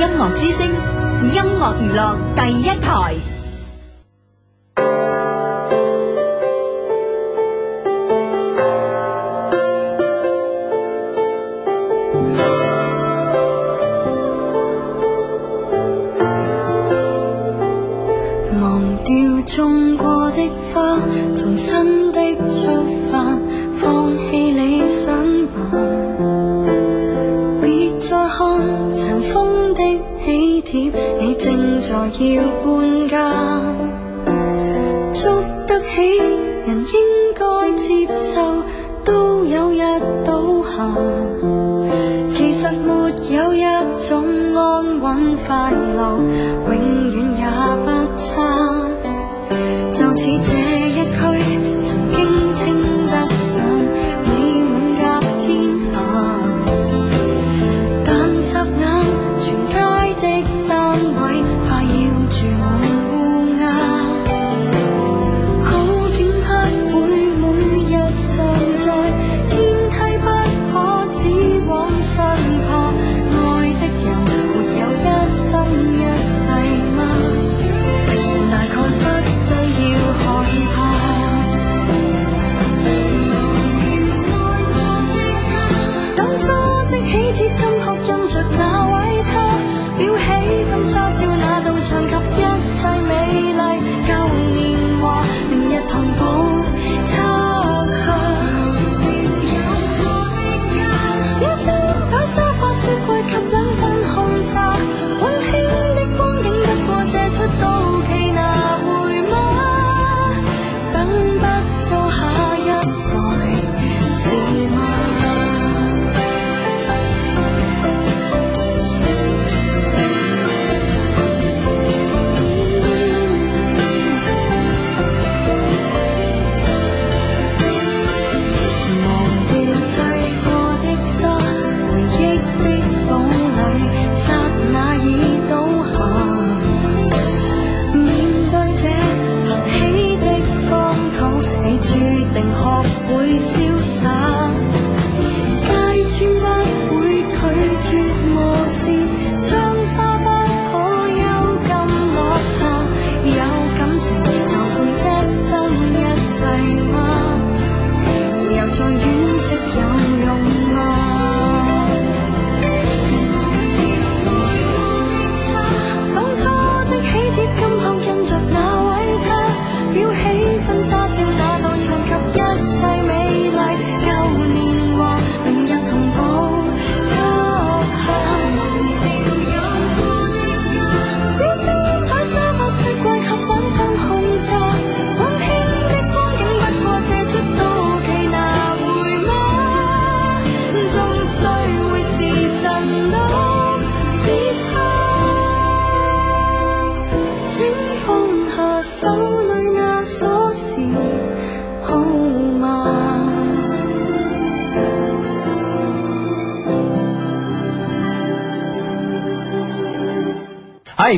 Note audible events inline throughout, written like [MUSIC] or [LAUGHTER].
音樂之聲。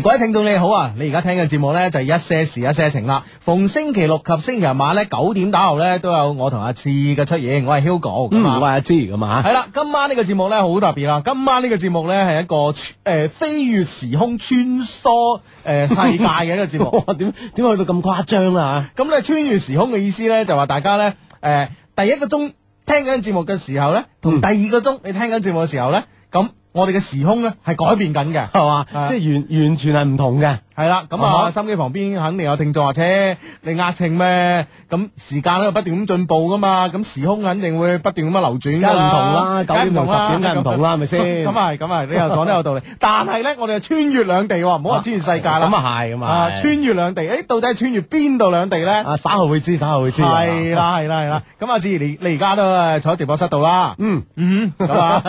各位聽眾你好啊，你而家聽嘅節目呢，就係、一些事一些情啦。逢星期六及星期日晚呢，九點打後呢，都有我同阿志嘅出現。我係 Hugo，咁我係阿志咁啊吓。係啦，今晚呢個節目呢，好特別啦。今晚呢個節目呢，係一個誒、呃、飛越時空穿梭誒、呃、世界嘅一個節目。點點 [LAUGHS] 去到咁誇張啊？咁咧穿越時空嘅意思呢，就話大家呢，誒第一個鐘聽緊節目嘅時候呢，同第二個鐘你聽緊節目嘅時候呢。咁。我哋嘅時空咧，係改變緊嘅，係嘛 [LAUGHS] 吧？即係完完全係唔同嘅。係啦，咁啊，心機旁邊肯定有聽眾，而且你壓秤咩？咁時間咧不斷咁進步噶嘛，咁時空肯定會不斷咁樣流轉。梗係唔同啦，九點同十點梗係唔同啦，係咪先？咁啊，係，咁啊，你又講得有道理。但係咧，我哋穿越兩地，唔好話穿越世界啦。咁啊係，咁啊，穿越兩地，誒，到底穿越邊度兩地咧？啊，稍後會知，稍後會知。係啦，係啦，係啦。咁阿志，你你而家都坐喺直播室度啦。嗯嗯，係嘛？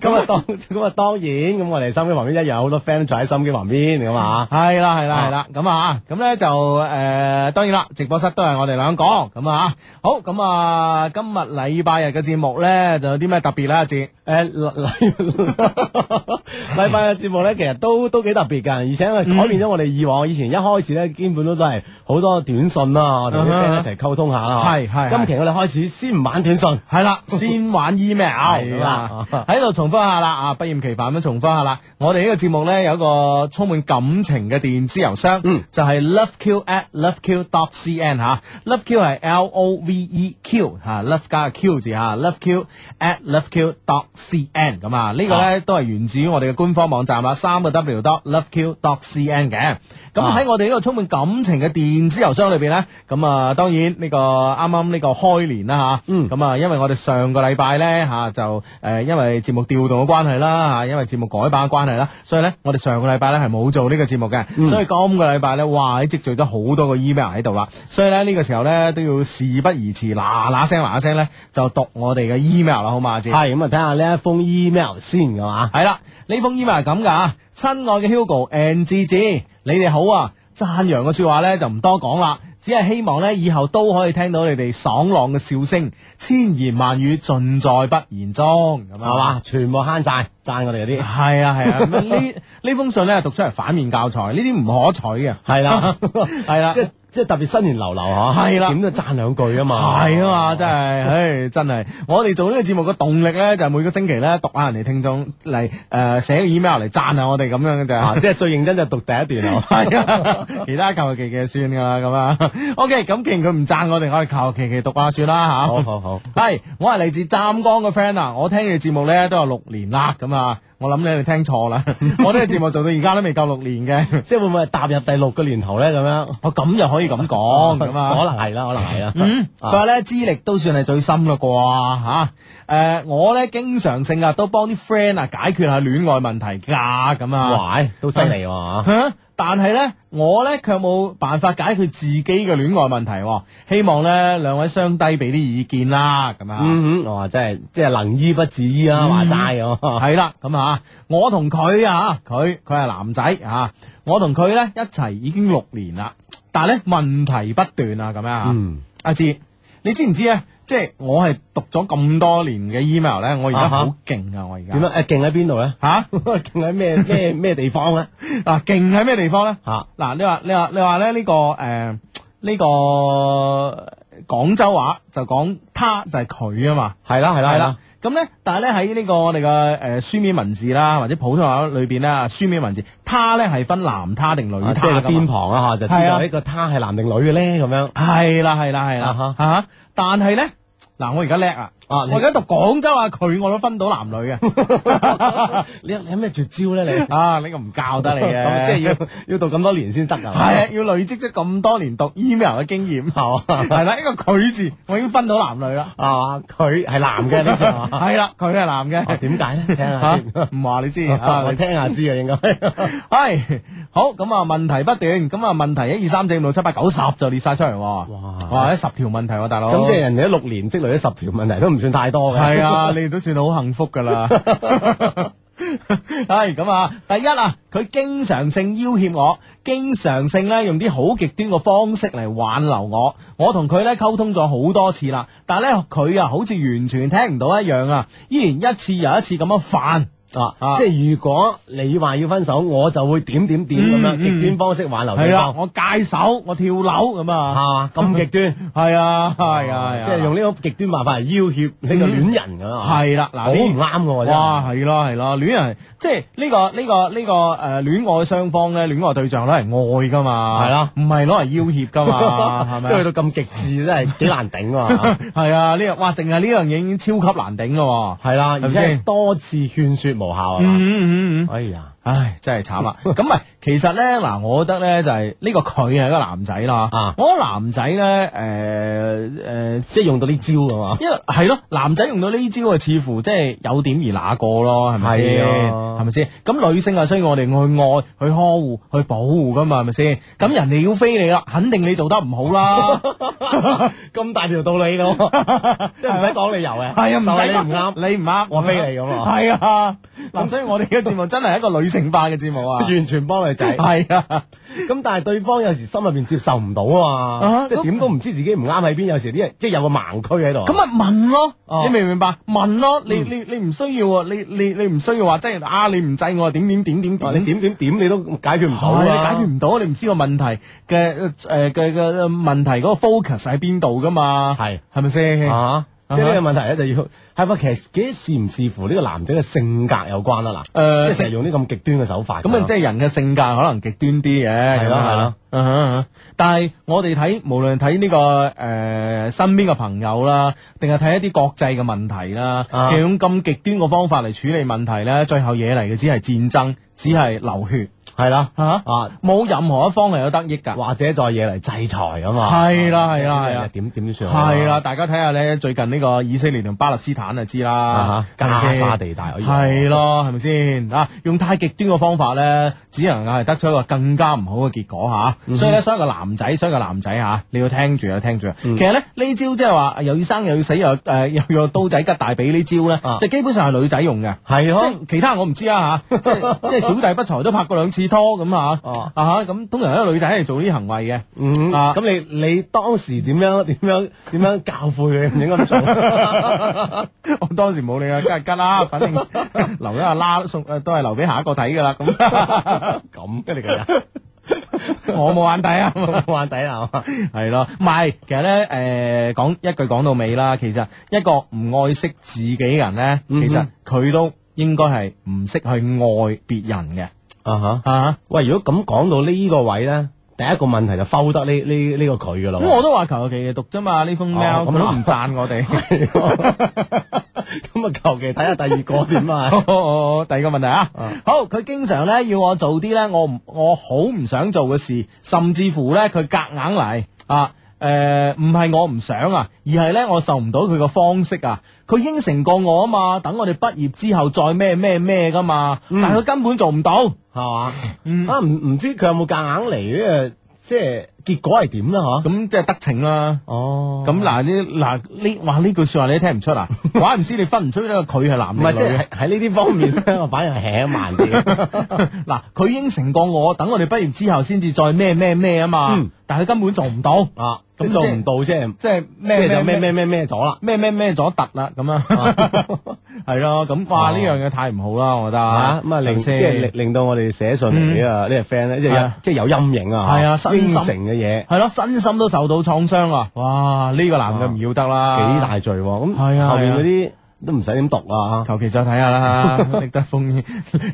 咁啊當，咁啊當然，咁我哋心機旁邊一樣，好多 friend 坐喺心機旁邊，咁啊。係啦，係啦，係啦，咁啊，咁咧就誒，當然啦，直播室都係我哋兩個講，咁啊，好，咁啊，今日禮拜日嘅節目咧，就有啲咩特別咧，阿誒，禮拜日節目咧，其實都都幾特別噶，而且係改變咗我哋以往以前一開始咧，基本都都係好多短信啦，我哋一齊溝通下啦，係係。今期我哋開始先唔玩短信，係啦，先玩 email，係啦，喺度重複下啦，啊，不厭其煩咁重複下啦，我哋呢個節目咧有一個充滿感情嘅電子郵箱，嗯，就係 loveq at loveq dot cn 嚇、啊、，loveq 係 l o v e q 嚇、啊、，love 加個 q 字嚇，loveq at loveq dot cn 咁啊，cn，啊這個、呢個咧、啊、都係源自於我哋嘅官方網站啊，三個 w dot loveq dot cn 嘅，咁、啊、喺、啊、我哋呢個充滿感情嘅電子郵箱裏邊咧，咁啊當然呢、這個啱啱呢個開年啦嚇，咁啊、嗯、啊因為我哋上個禮拜咧嚇就誒因為節目調動嘅關係啦嚇，因為節目、啊、目改版嘅關係啦，所以咧我哋上個禮拜咧係冇做呢、這個。節目嘅，所以今個禮拜咧，哇，積聚咗好多個 email 喺度啦，所以咧呢個時候咧都要事不宜遲，嗱嗱聲，嗱嗱聲咧就讀我哋嘅 email 啦，好嘛，子，係，咁啊睇下呢一封 email 先，係嘛，係啦，呢封 email 係咁噶，親愛嘅 Hugo and Zizi，你哋好啊，讚揚嘅說話咧就唔多講啦。只係希望咧，以後都可以聽到你哋爽朗嘅笑聲，千言萬語盡在不言中，係嘛吧，全部慳晒，讚我哋嗰啲，係啊係啊，呢呢、啊、 [LAUGHS] 封信咧讀出嚟反面教材，呢啲唔可取嘅，係啦，係啦。即係特別新年流流吓，係啦的，點都讚兩句啊嘛，係啊嘛，真係，唉、哎，真係，我哋做呢個節目嘅動力咧，就係、每個星期咧讀下人哋聽眾嚟誒寫、呃、email 嚟讚下我哋咁樣嘅啫，即係 [LAUGHS] 最認真就讀第一段係 [LAUGHS] 其他求求其其算噶啦咁啊，OK，咁既然佢唔讚我哋，可以求其其讀下算啦吓、啊，好好好，係， [LAUGHS] 我係嚟自湛江嘅 friend 啊，我聽你節目咧都有六年啦咁啊。我諗你哋聽錯啦， [LAUGHS] 我呢個節目做到而家都未夠六年嘅， [LAUGHS] 即係會唔會踏入第六個年頭咧？咁樣，哦咁又可以咁講，咁啊， [LAUGHS] 可能係啦，可能係啦。佢話咧資歷都算係最深啦啩嚇，誒、啊呃、我咧經常性啊都幫啲 friend 啊解決下戀愛問題㗎咁啊，喂，都犀利喎。但係咧，我咧卻冇辦法解決自己嘅戀愛問題。希望咧兩位雙低俾啲意見啦。咁啊，、嗯嗯哦、啊，我話真係，即係能醫不自醫啊。話齋，係啦。咁啊，我同佢啊，佢佢係男仔啊。我同佢咧一齊已經六年啦，是但係咧問題不斷啊。咁樣啊，阿志、嗯啊，你知唔知啊？即係我係讀咗咁多年嘅 email 咧，我而家好勁啊！我而家點樣？誒，勁喺邊度咧？吓，勁喺咩咩咩地方咧？嗱，勁喺咩地方咧？吓，嗱，你話你話你話咧呢個誒呢個廣州話就講他，就係佢啊嘛，係啦係啦係啦。咁咧，但係咧喺呢個我哋嘅誒書面文字啦，或者普通話裏邊咧書面文字，他咧係分男他定女他，即係個邊旁啊吓，就知道呢個他係男定女嘅咧咁樣。係啦係啦係啦吓，吓，但係咧。嗱，我而家叻啊！我而家讀廣州啊，佢我都分到男女嘅。你你有咩絕招咧？你啊，你個唔教得你嘅，咁即係要要讀咁多年先得噶。係啊，要累積即咁多年讀 email 嘅經驗，係嘛？係啦，呢個佢字我已經分到男女啦，係嘛？佢係男嘅，你知嘛？係啦，佢係男嘅。點解咧？聽下，唔話你知，我聽下知啊，應該係好。咁啊，問題不斷，咁啊，問題一二三四五六七八九十就列晒出嚟。哇！哇，呢十條問題喎，大佬。咁即係人哋一六年積累咗十條問題都唔。算太多嘅，係啊，你哋都算好幸福噶啦。 [LAUGHS] [LAUGHS] 係咁啊，第一啊，佢經常性要挾我，經常性咧用啲好極端嘅方式嚟挽留我。我同佢咧溝通咗好多次啦，但係咧佢啊，好似完全聽唔到一樣啊，依然一次又一次咁樣犯。啊！即係如果你話要分手，我就會點點點咁樣極端方式挽留對方。係啦，我戒手，我跳樓咁啊！吓，咁極端，係啊，係啊，啊。即係用呢個極端辦法嚟要挾呢個戀人咁啊！係啦，嗱，好唔啱噶，哇！係咯，係咯，戀人。即係呢，這個呢，這個呢，這個誒戀愛雙方咧，戀愛，戀愛對象攞嚟愛噶嘛，係啦，唔係攞嚟要挾噶嘛，即係 [LAUGHS] 吧去到咁極致 [LAUGHS] 真係，幾難頂啊！係 [LAUGHS] [LAUGHS] 啊，呢個哇，淨係呢樣嘢已經超級難頂咯，啊，係啦，啊，而且多次勸説無效啊！嗯嗯嗯，嗯嗯嗯哎呀，唉，真係慘啊！咁咪。其實咧，嗱，我覺得咧就係呢個佢係一個男仔啦。啊，我覺得男仔咧，誒誒，即係用到呢招噶嘛。因為係咯，男仔用到呢招啊，似乎即係有點而那過咯，係咪先？係咪先？咁女性啊，需要我哋去愛、去呵護、去保護噶嘛，係咪先？咁人哋要飛你啦，肯定你做得唔好啦。咁大條道理噶，即係唔使講理由嘅。係啊，唔使唔啱，你唔啱，我飛你咁啊。係啊，嗱，所以我哋嘅節目真係一個女性化嘅節目啊，完全幫你。係 [LAUGHS] 是啊，咁 [LAUGHS] 但係對方有時心入邊接受唔到啊嘛，啊即係點都唔知自己唔啱喺邊，有時啲人即係有個盲區喺度。咁啊問咯，你明唔明白？問咯，你你你唔需要，你你你唔需要話即係啊你唔制我點點點點點點點點你都解決唔到啊，啊你解決唔到，你唔知個問題嘅誒嘅嘅問題嗰個 focus 喺邊度噶嘛？係係咪先啊？即係呢個問題咧，就要係咪其實幾視唔視乎呢個男仔嘅性格有關啦？嗱、呃，誒，成日用啲咁極端嘅手法，咁啊、嗯，即係人嘅性格可能極端啲嘅，係咯係咯，但係我哋睇無論睇呢、呢個誒、呃、身邊嘅朋友啦，定係睇一啲國際嘅問題啦，嗯、其用咁極端嘅方法嚟處理問題咧，最後惹嚟嘅只係戰爭，只係流血。係啦，啊，冇任何一方係有得益噶，或者再嘢嚟制裁啊嘛。係啦，係啦，係啦，點點算？係啦，大家睇下咧，最近呢個以色列同巴勒斯坦就知啦，加沙地帶，係咯，係咪先？啊，用太極端嘅方法咧，只能係得出一個更加唔好嘅結果吓。所以咧，所有嘅男仔，所有嘅男仔吓，你要聽住啊，聽住。其實呢，呢招即係話又要生又要死又誒又用刀仔吉大髀呢招咧，就基本上係女仔用嘅。係咯，其他我唔知啊吓。即係小弟不才都拍過兩次。拖咁吓哦，啊吓，咁通常一個女仔嚟做呢啲行為嘅，嗯啊咁你你當時點樣點樣點樣教父佢唔應該做？我當時冇理啊，吉啊吉啦，反正留一下拉送誒，都係留俾下一個睇噶啦。咁咁咩嚟噶？我冇眼睇啊，冇眼睇啊，係咯，唔係其實咧誒，講一句講到尾啦，其實一個唔愛惜自己嘅人咧，其實佢都應該係唔識去愛別人嘅。啊哈啊喂，如果咁講到呢個位咧，第一個問題就 foul 得呢呢呢個佢噶啦。咁我都話求其讀啫嘛，呢封 mail 咁都唔讚我哋。咁啊，求其睇下第二個點啊。第二個問題啊，uh huh。好，佢經常咧要我做啲咧，我唔我好唔想做嘅事，甚至乎咧佢夾硬嚟！啊。誒唔係我唔想啊，而係咧我受唔到佢嘅方式啊！佢應承過我啊嘛，等我哋畢業之後再咩咩咩噶嘛，嗯、但係佢根本做唔到，係嘛？嗯、啊，唔唔知佢有冇夾硬嚟呢？即係結果係點啦嗬，咁即係得逞啦。哦，咁嗱啲嗱呢，哇呢句說話你都聽唔出啊？怪唔知你分唔出呢個佢係男定女嘅？喺呢啲方面咧，我反而請慢啲。嗱，佢應承過我，等我哋畢業之後先至再咩咩咩啊嘛。但係佢根本做唔到啊，咁做唔到啫即係即係咩咩咩咩咩咗啦，咩咩咩咗突啦咁樣。係咯，咁哇，呢樣嘢太唔好啦，我覺得吓咁啊，令即係令到我哋寫信嚟啊，呢個 friend 咧即係即係有陰影啊，係啊，身心嘅嘢係咯，身心都受到創傷啊。哇，呢個男嘅唔要得啦，幾大罪咁，後邊嗰啲都唔使點讀啊，求其再睇下啦。力得風，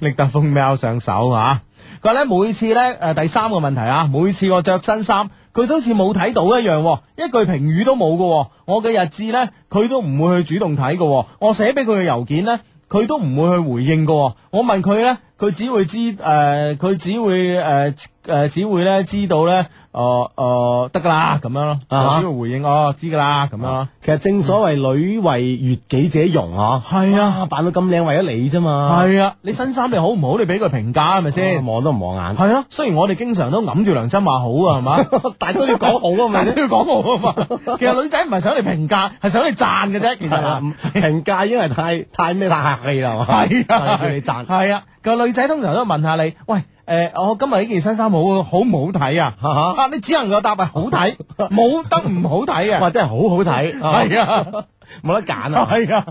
力得風喵上手啊。佢話咧每次咧誒，第三個問題啊，每次我着新衫。佢都好似冇睇到一樣，一句評語都冇嘅。我嘅日誌咧，佢都唔會去主動睇嘅。我寫俾佢嘅郵件咧，佢都唔會去回應嘅。我問佢咧，佢只會知誒，佢、呃、只會誒，誒、呃，只會咧知道咧。哦哦，得噶啦，咁樣咯，有主要回應哦，知噶啦，咁樣咯。其實正所謂女為悅己者容，啊，係啊，扮到咁靚為咗你啫嘛，係啊。你新衫你好唔好？你俾佢評價係咪先？望都唔望眼。係啊，雖然我哋經常都揞住良心話好啊，係嘛，但都要講好啊嘛，都要講好啊嘛。其實女仔唔係想你評價，係想你讚嘅啫。其實評價因為太太咩太客氣啦嘛。係啊，要你讚。係啊，個女仔通常都問下你，喂。誒，我、欸哦、今日呢件新衫好好唔好睇啊？啊，啊你只能夠答係好睇，冇 [LAUGHS] 得唔好睇啊！或者係好好睇，係、 [LAUGHS] 哦、啊，冇 [LAUGHS] 得揀啊，係啊。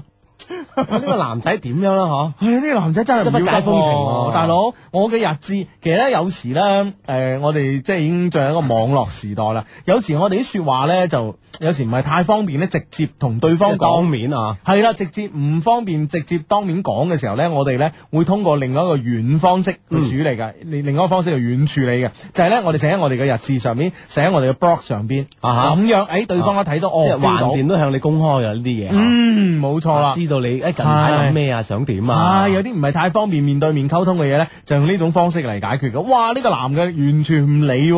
呢、 [LAUGHS] 啊這個男仔點樣啦？吓，唉，呢個男仔真係不解風情，啊。大佬，我嘅日誌其實咧，有時咧，誒、呃，我哋即係已經進入一個網絡時代啦。有時我哋啲說話咧，就有時唔係太方便咧，啊，直接同對方當面啊。係啦，直接唔方便，直接當面講嘅時候咧，我哋咧會通過另外一個遠方式去處理噶。嗯、另外一種方式係遠處理嘅，就係、是、咧我哋寫喺我哋嘅日誌上面，寫喺我哋嘅 blog 上邊咁、啊、哈樣，誒，對方一睇到，哦、啊哈，橫掂、啊、都向你公開嘅呢啲嘢。啊、嗯，冇錯啦。到你一近排諗咩啊？的想點啊？唉，有啲唔係太方便面對面溝通嘅嘢咧，就用呢種方式嚟解決嘅。哇！呢、這個男嘅完全唔理，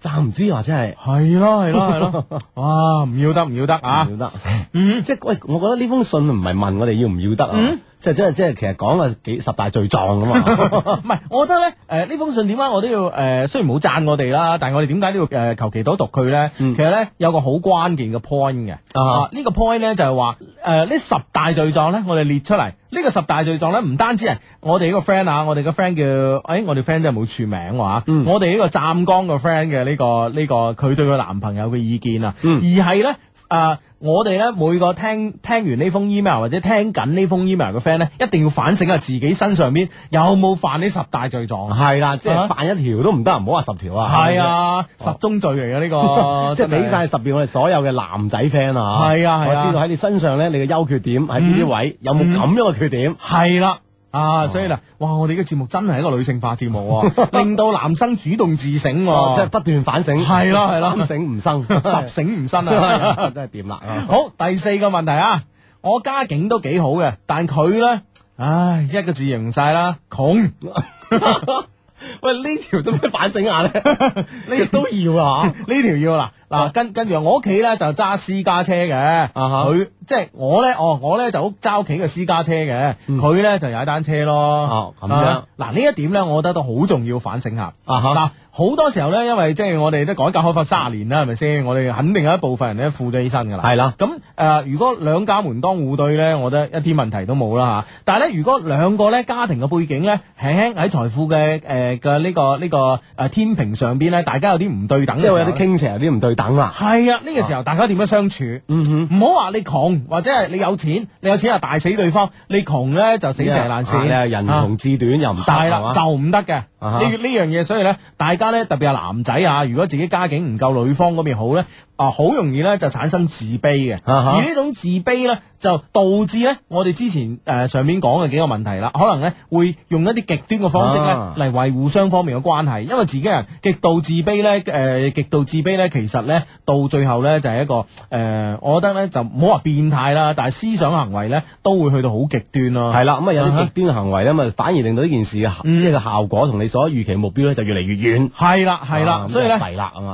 暫唔知話真係係咯係咯，哇！唔要得唔要得啊！唔要得，嗯，即係喂，我覺得呢封信唔係問我哋要唔要得啊？ [NOISE] [NOISE] 即係即係即係，其實講啊幾十大罪狀㗎嘛，唔係，我覺得咧，誒、呃、呢封信點解我都要誒、呃、雖然冇讚我哋啦，但係我哋點解都要誒求其多讀佢咧？嗯、其實咧有個好關鍵嘅 point 嘅，啊呢、啊啊這個 point 咧就係話誒呢十大罪狀咧，我哋列出嚟呢、這個十大罪狀咧，唔單止係我哋呢個 friend 啊，我哋個 friend 叫誒、哎、我哋 friend 真係冇署名吓、啊，嗯、我哋呢個湛江、這個 friend 嘅呢個呢、這個佢、這個、對佢男朋友嘅意見啊，而係咧誒。嗯我哋咧每個聽聽完呢封 email 或者聽緊呢封 email 嘅 friend 咧，一定要反省下自己身上邊有冇犯呢十大罪狀？係啦的，啊、即係犯一條都唔得，唔好話十條啊。係啊的，的十宗罪嚟嘅，呢個，即係俾晒你十條我哋所有嘅男仔 friend 啊。係啊，我知道喺你身上咧，你嘅優缺點喺邊啲位，有冇咁樣嘅缺點？係啦、嗯。有啊，所以嗱，哇，我哋嘅節目真係一個女性化節目啊， [LAUGHS] 令到男生主動自省，啊 [LAUGHS] 哦，即係不斷反省。係咯係咯，三省吾身，十省吾身啊，真係掂啦。啊、 [LAUGHS] 好，第四個問題啊，我家境都幾好嘅，但佢咧，唉，一個字形容晒啦，窮。 [LAUGHS] [LAUGHS] 喂，呢條都咩反省下咧？呢 [LAUGHS] 這條 [LAUGHS] 都要啊呢 [LAUGHS] 條要啦。嗱、啊啊，跟跟住我屋企咧就揸私家車嘅，佢、啊、哈即係我咧，哦，我咧就好揸屋企嘅私家車嘅，佢咧、嗯、就踩單車咯。咁、啊、樣、啊。嗱、啊，呢一點咧，我覺得都好重要，反省下。啊，哈啊，嗱。好多時候咧，因為即係我哋都改革開放卅年啦，係咪先？我哋肯定有一部分人咧富咗起身噶啦。係啦的，咁誒、呃，如果兩家門當戶對咧，我覺得一啲問題都冇啦吓。但係咧，如果兩個咧家庭嘅背景咧，輕輕喺財富嘅誒嘅呢個呢、這個誒、這個、天平上邊咧，大家有啲唔對等，即係有啲傾斜，有啲唔對等啊。係啊，呢個時候大家點樣相處？唔好話你窮或者係你有錢，你有錢啊大死對方，你窮咧就死蛇爛鱔。人窮志短又唔得，啦就唔得嘅。呢呢、uh huh. 樣嘢，所以咧，大家咧，特別係男仔啊，如果自己家境唔夠，女方嗰邊好咧。啊，好容易咧就產生自卑嘅，而呢種自卑咧就導致咧我哋之前誒上面講嘅幾個問題啦，可能咧會用一啲極端嘅方式咧嚟維護雙方面嘅關係，因為自己人極度自卑咧誒、呃，極度自卑咧其實咧到最後咧就係一個誒、呃，我覺得咧就唔好話變態啦，但係思想行為咧都會去到好極端咯。係啦，咁、嗯、啊有啲極端嘅行為咧，咪反而令到呢件事嘅即係個效果同你所預期目標咧就越嚟越遠。係啦、嗯，係、嗯、啦、就是，所以咧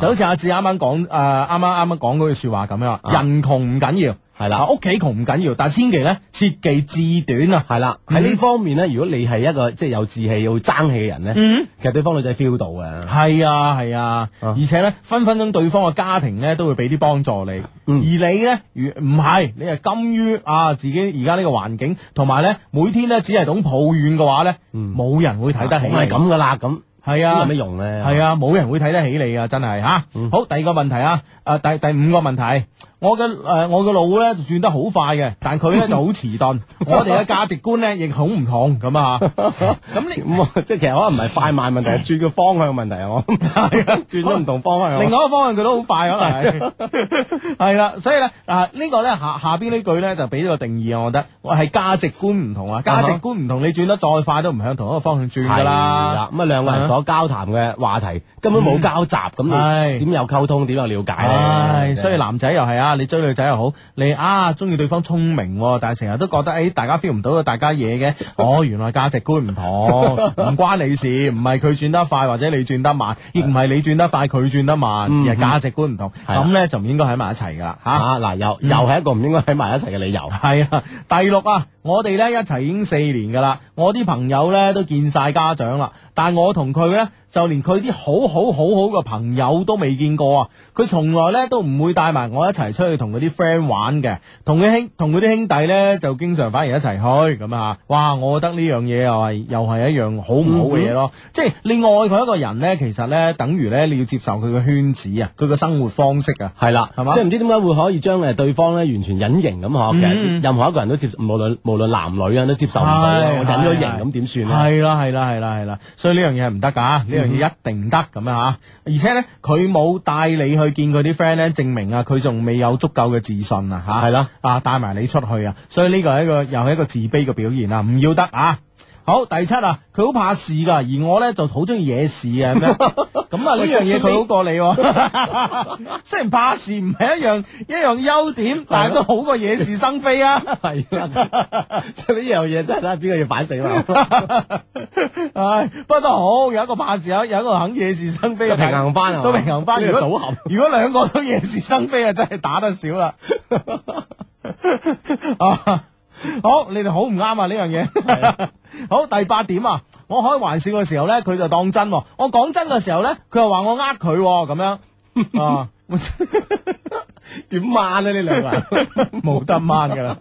就好似阿志啱啱講誒，啱、呃、啱。啱啱啱啱講嗰句說話咁樣，人窮唔緊要，係啦的，屋企窮唔緊要，但係千祈咧切忌志短啊，係啦的，喺呢、mm hmm. 方面咧，如果你係一個即係有志氣、有爭氣嘅人咧，嗯、mm，hmm. 其實對方女仔 feel 到嘅。係啊係啊，而且咧、啊、分分鐘對方嘅家庭咧都會俾啲幫助你，mm hmm. 而你咧如唔係，你係甘於啊自己而家呢個環境，同埋咧每天咧只係懂抱怨嘅話咧，冇、mm hmm. 人會睇得起、嗯，係咁噶啦，咁、嗯。嗯嗯係啊，冇乜用咧。係啊，冇人會睇得起你啊，真係吓。好，第二個問題啊，誒、呃，第第五個問題。我嘅誒，我嘅腦咧就轉得好快嘅，但佢咧就好遲鈍。我哋嘅價值觀咧亦好唔同咁啊。咁你即係其實可能唔係快慢問題，係轉嘅方向問題啊，我係啊，轉咗唔同方向。另外一個方向佢都好快可能係啦，所以咧啊，呢個咧下下邊呢句咧就俾咗個定義，我覺得我係價值觀唔同啊，價值觀唔同，你轉得再快都唔向同一個方向轉㗎啦。咁啊，兩個人所交談嘅話題根本冇交集，咁你點有溝通？點有了解？所以男仔又係啊。你追女仔又好，你啊中意對方聰明，哦，但係成日都覺得誒、哎，大家 feel 唔到大家嘢嘅， [LAUGHS] 哦，原來價值觀唔同，唔 [LAUGHS] 關你事，唔係佢轉得快或者你轉得慢，亦唔係你轉得快佢轉得慢，而係價值觀唔同，咁、嗯、哼呢、啊、就唔應該喺埋一齊噶、啊啊、啦，吓嗱又又係一個唔應該喺埋一齊嘅理由，係 [LAUGHS] 啊，第六啊。我哋呢一齊已經四年噶啦，我啲朋友呢都見晒家長啦，但我同佢呢，就連佢啲好好好好嘅朋友都未見過啊！佢從來呢都唔會帶埋我一齊出去同佢啲 friend 玩嘅，同佢兄同佢啲兄弟呢就經常反而一齊去咁啊！哇，我覺得呢樣嘢又係又係一樣好唔好嘅嘢咯，嗯嗯即係你愛佢一個人呢，其實呢等於呢你要接受佢嘅圈子啊，佢嘅生活方式啊，係啦了，係嘛吧，即係唔知點解會可以將誒對方呢完全隱形咁嗬嘅，嗯嗯其實任何一個人都接受，無論，無論無論男女人都接受唔到，哎、呀我忍咗型咁點算咧？係啦，係啦，係啦，係啦，所以呢、嗯、哼樣嘢係唔得噶，呢樣嘢一定唔得咁樣吓。而且咧，佢冇帶你去見佢啲 friend 咧，證明啊，佢仲未有足夠嘅自信啊吓。係啦，啊帶埋你出去啊，所以呢個係一個又係一個自卑嘅表現啊，唔要得啊！好第七啊，佢好怕事噶，而我咧就好中意惹事啊。咁啊呢樣嘢佢好過你，雖然怕事唔係一樣一樣優點，但係都好過惹是生非啊。係啊，所以呢樣嘢真係睇下邊個要反省啦。唉，不過都好有一個怕事，有有一個肯惹是生非，都平衡翻，都平衡翻。如果組合，如果兩個都惹是生非啊，真係打得少啦。好，你哋好唔啱啊！呢樣嘢 [LAUGHS] 好第八點啊，我開玩笑嘅時候咧，佢就當真、哦；我講真嘅時候咧，佢又話我呃佢咁樣啊？點掹咧？呢兩個人，冇得掹噶啦，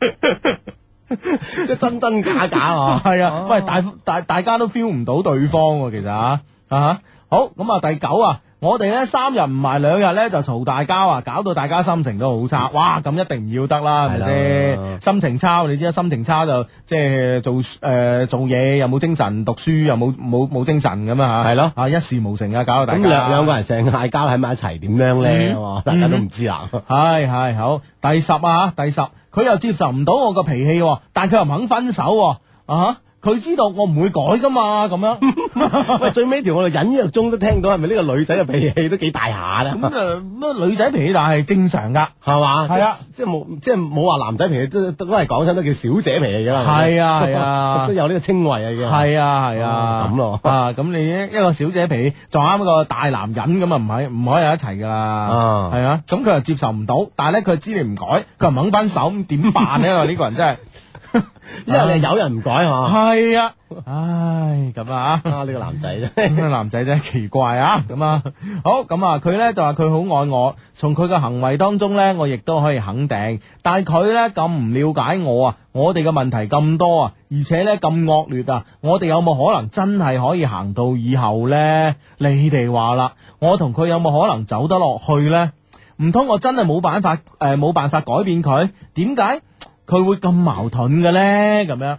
即 [LAUGHS] 係真真假假啊！係 [LAUGHS] 啊， [LAUGHS] 喂，大大大，大家都 feel 唔到對方、啊、其實啊啊，好咁啊、嗯，第九啊。我哋咧三日唔埋兩日咧就嘈大交啊，搞到大家心情都好差，哇！咁一定唔要得啦，係咪先？怕心情差，你知啦，心情差就即係、就是、做誒、呃、做嘢又冇精神，讀書又冇冇冇精神咁啊，係咯的，啊一事無成啊，搞到大家。咁兩個人成日嗌交喺埋一齊，點樣咧？大家都唔知啦。係係、嗯嗯、好，第十啊，第十，佢又接受唔到我個脾氣，但佢又唔肯分手，啊！啊佢知道我唔會改噶嘛，咁樣 [LAUGHS] 喂，最尾條我哋隱約中都聽到，係咪呢個女仔嘅脾氣都幾大下咧？咁啊，乜、 [LAUGHS] 呃呃、女仔脾氣大係正常噶，係嘛 [LAUGHS] 吧？係啊，即係冇，即係冇話男仔脾氣都都係講親都叫小姐脾氣噶啦。係啊係啊， [LAUGHS] 都有呢個稱謂啊。係啊係啊，咁咯啊，咁、啊 [LAUGHS] 啊、你一個小姐脾氣撞啱個大男人，咁啊唔係唔可以一齊噶啦。啊，係啊，咁佢又接受唔到，但係咧佢知你唔改，佢又唔肯分手，咁點 [LAUGHS] 辦呢呢、呢個人真係。因為有人唔改啊嘛，係啊，唉，咁啊，呢個男仔啫，男仔真係奇怪啊，咁啊，好，咁啊，佢咧就話佢好愛我，從佢嘅行為當中咧，我亦都可以肯定，但係佢咧咁唔了解我啊，我哋嘅問題咁多啊，而且咧咁惡劣啊，我哋有冇可能真係可以行到以後咧？你哋話啦，我同佢有冇可能走得落去咧？唔通我真係冇辦法誒，冇辦法改變佢？點解？佢會咁矛盾嘅咧，咁樣、mm，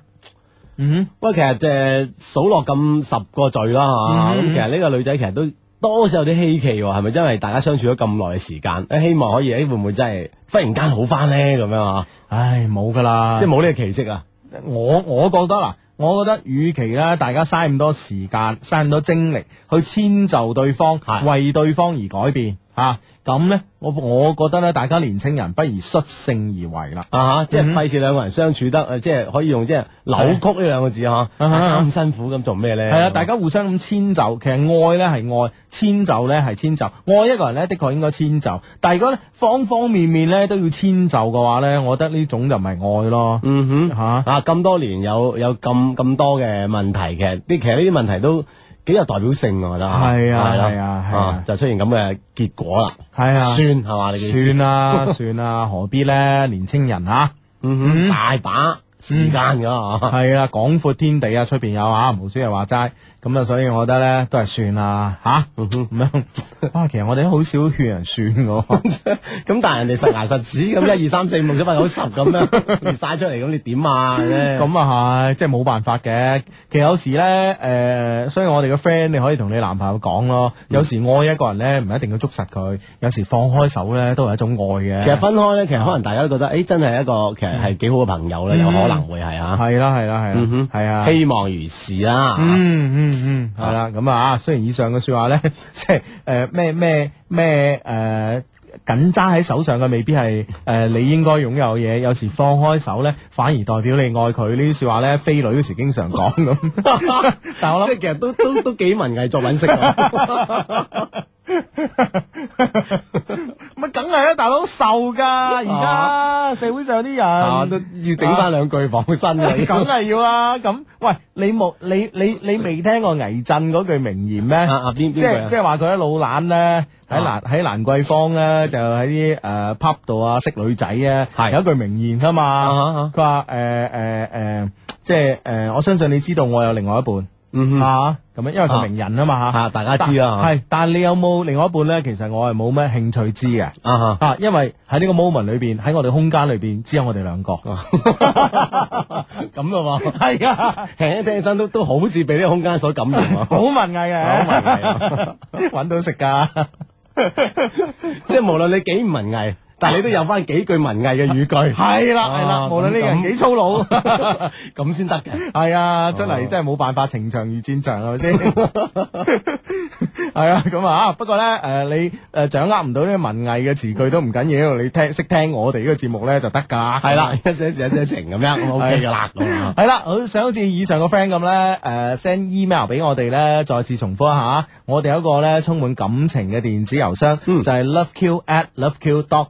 嗯，喂，其實即係數落咁十個罪啦，吓咁、mm，hmm. 其實呢個女仔其實都多少有啲稀奇，係咪？因為大家相處咗咁耐嘅時間，希望可以，會唔會真係忽然間好翻呢？咁樣啊，唉，冇噶啦，即係冇呢個奇蹟啊！我我覺得啦，我覺得與其咧，大家嘥咁多時間，嘥咁 [LAUGHS] 多精力去遷就對方，的為對方而改變，吓、啊。咁呢，我我覺得咧，大家年青人不如率性而為啦，啊、uh huh, 即係費事兩個人相處得，uh huh. 即係可以用即係扭曲呢兩個字吓，咁、uh huh. 啊、辛苦咁做咩呢？係、uh huh. 啊，大家互相咁遷就，其實愛呢係愛，遷就呢係遷就，愛一個人呢，的確應該遷就，但係如果咧方方面面咧都要遷就嘅話呢，我覺得呢種就唔係愛咯。嗯哼、uh，吓、huh. 啊，咁多年有有咁咁多嘅問題，其實其實呢啲問題都幾有代表性啊，我覺得係啊，係啊，啊就出現咁嘅結果啦，係啊，算係嘛，算啦，算啦，何必咧？年青人啊，嗯哼，大把時間噶，係啊，廣闊天地啊，出邊有啊，無需話齋。咁啊，所以我覺得咧都係算啦，吓咁樣。哇， [LAUGHS] 其實我哋好少勸人算嘅，咁 [LAUGHS] 但係人哋實牙實齒咁一二三四五六七八九十咁樣嘥 [LAUGHS] 出嚟，咁你點啊？咁啊係，即係冇辦法嘅。其實有時咧，誒、呃，所以我哋嘅 friend 你可以同你男朋友講咯。有時愛一個人咧，唔一定要捉實佢，有時放開手咧，都係一種愛嘅。其實分開咧，其實可能大家都覺得誒、欸，真係一個其實係幾好嘅朋友咧，有可能會係啊。係啦、嗯，係啦、啊，係啦，係啊、嗯，希望如是啦。 [LAUGHS] 嗯嗯嗯，係啦了，咁啊、嗯，雖然以上嘅說話呢，即係誒咩咩咩誒緊揸喺手上嘅未必係誒、呃、你應該擁有嘅嘢，有時放開手呢，反而代表你愛佢。呢啲說話呢，飛女嗰時經常講咁， [LAUGHS] [LAUGHS] 但係我諗即係其實都 [LAUGHS] 都都幾文藝作品式。 [LAUGHS] [LAUGHS] 咪梗係啦，大佬瘦噶，而家社會上啲人、啊、都要整翻兩句防身嘅。梗係、啊、要啦、啊，咁喂，你冇你你你未聽過倪震嗰句名言咩、啊？即即係話佢喺老懶咧喺蘭喺蘭桂坊咧、啊、就喺啲誒 pub 度啊識女仔啊，係有一句名言噶嘛，佢話誒誒誒，即係誒、呃，我相信你知道我有另外一半。嗯啊，咁樣，因為佢名人啊嘛吓，大家知啦。係，但係你有冇另外一半咧？其實我係冇咩興趣知嘅。啊啊，因為喺呢個 moment 裏邊，喺我哋空間裏邊，只有我哋兩個。咁啊嘛，係啊，聽一聽起身都都好似俾呢個空間所感染啊！好文藝啊，好文藝啊，搵到食噶，即係無論你幾唔文藝。但係你都有翻幾句文藝嘅語句，係啦，係啦，無論呢個人幾粗魯，咁先得嘅。係啊，真係真係冇辦法，情場如戰場係咪先？係啊，咁啊不過咧，誒，你誒掌握唔到呢個文藝嘅詞句都唔緊要，你聽識聽我哋呢個節目咧就得噶。係啦，一寫字，一寫情咁樣，O K 噶啦。係啦，好，想好似以上個 friend 咁咧，誒 send email 俾我哋咧，再次重複一下，我哋有一個咧充滿感情嘅電子郵箱，就係 loveq@loveq.com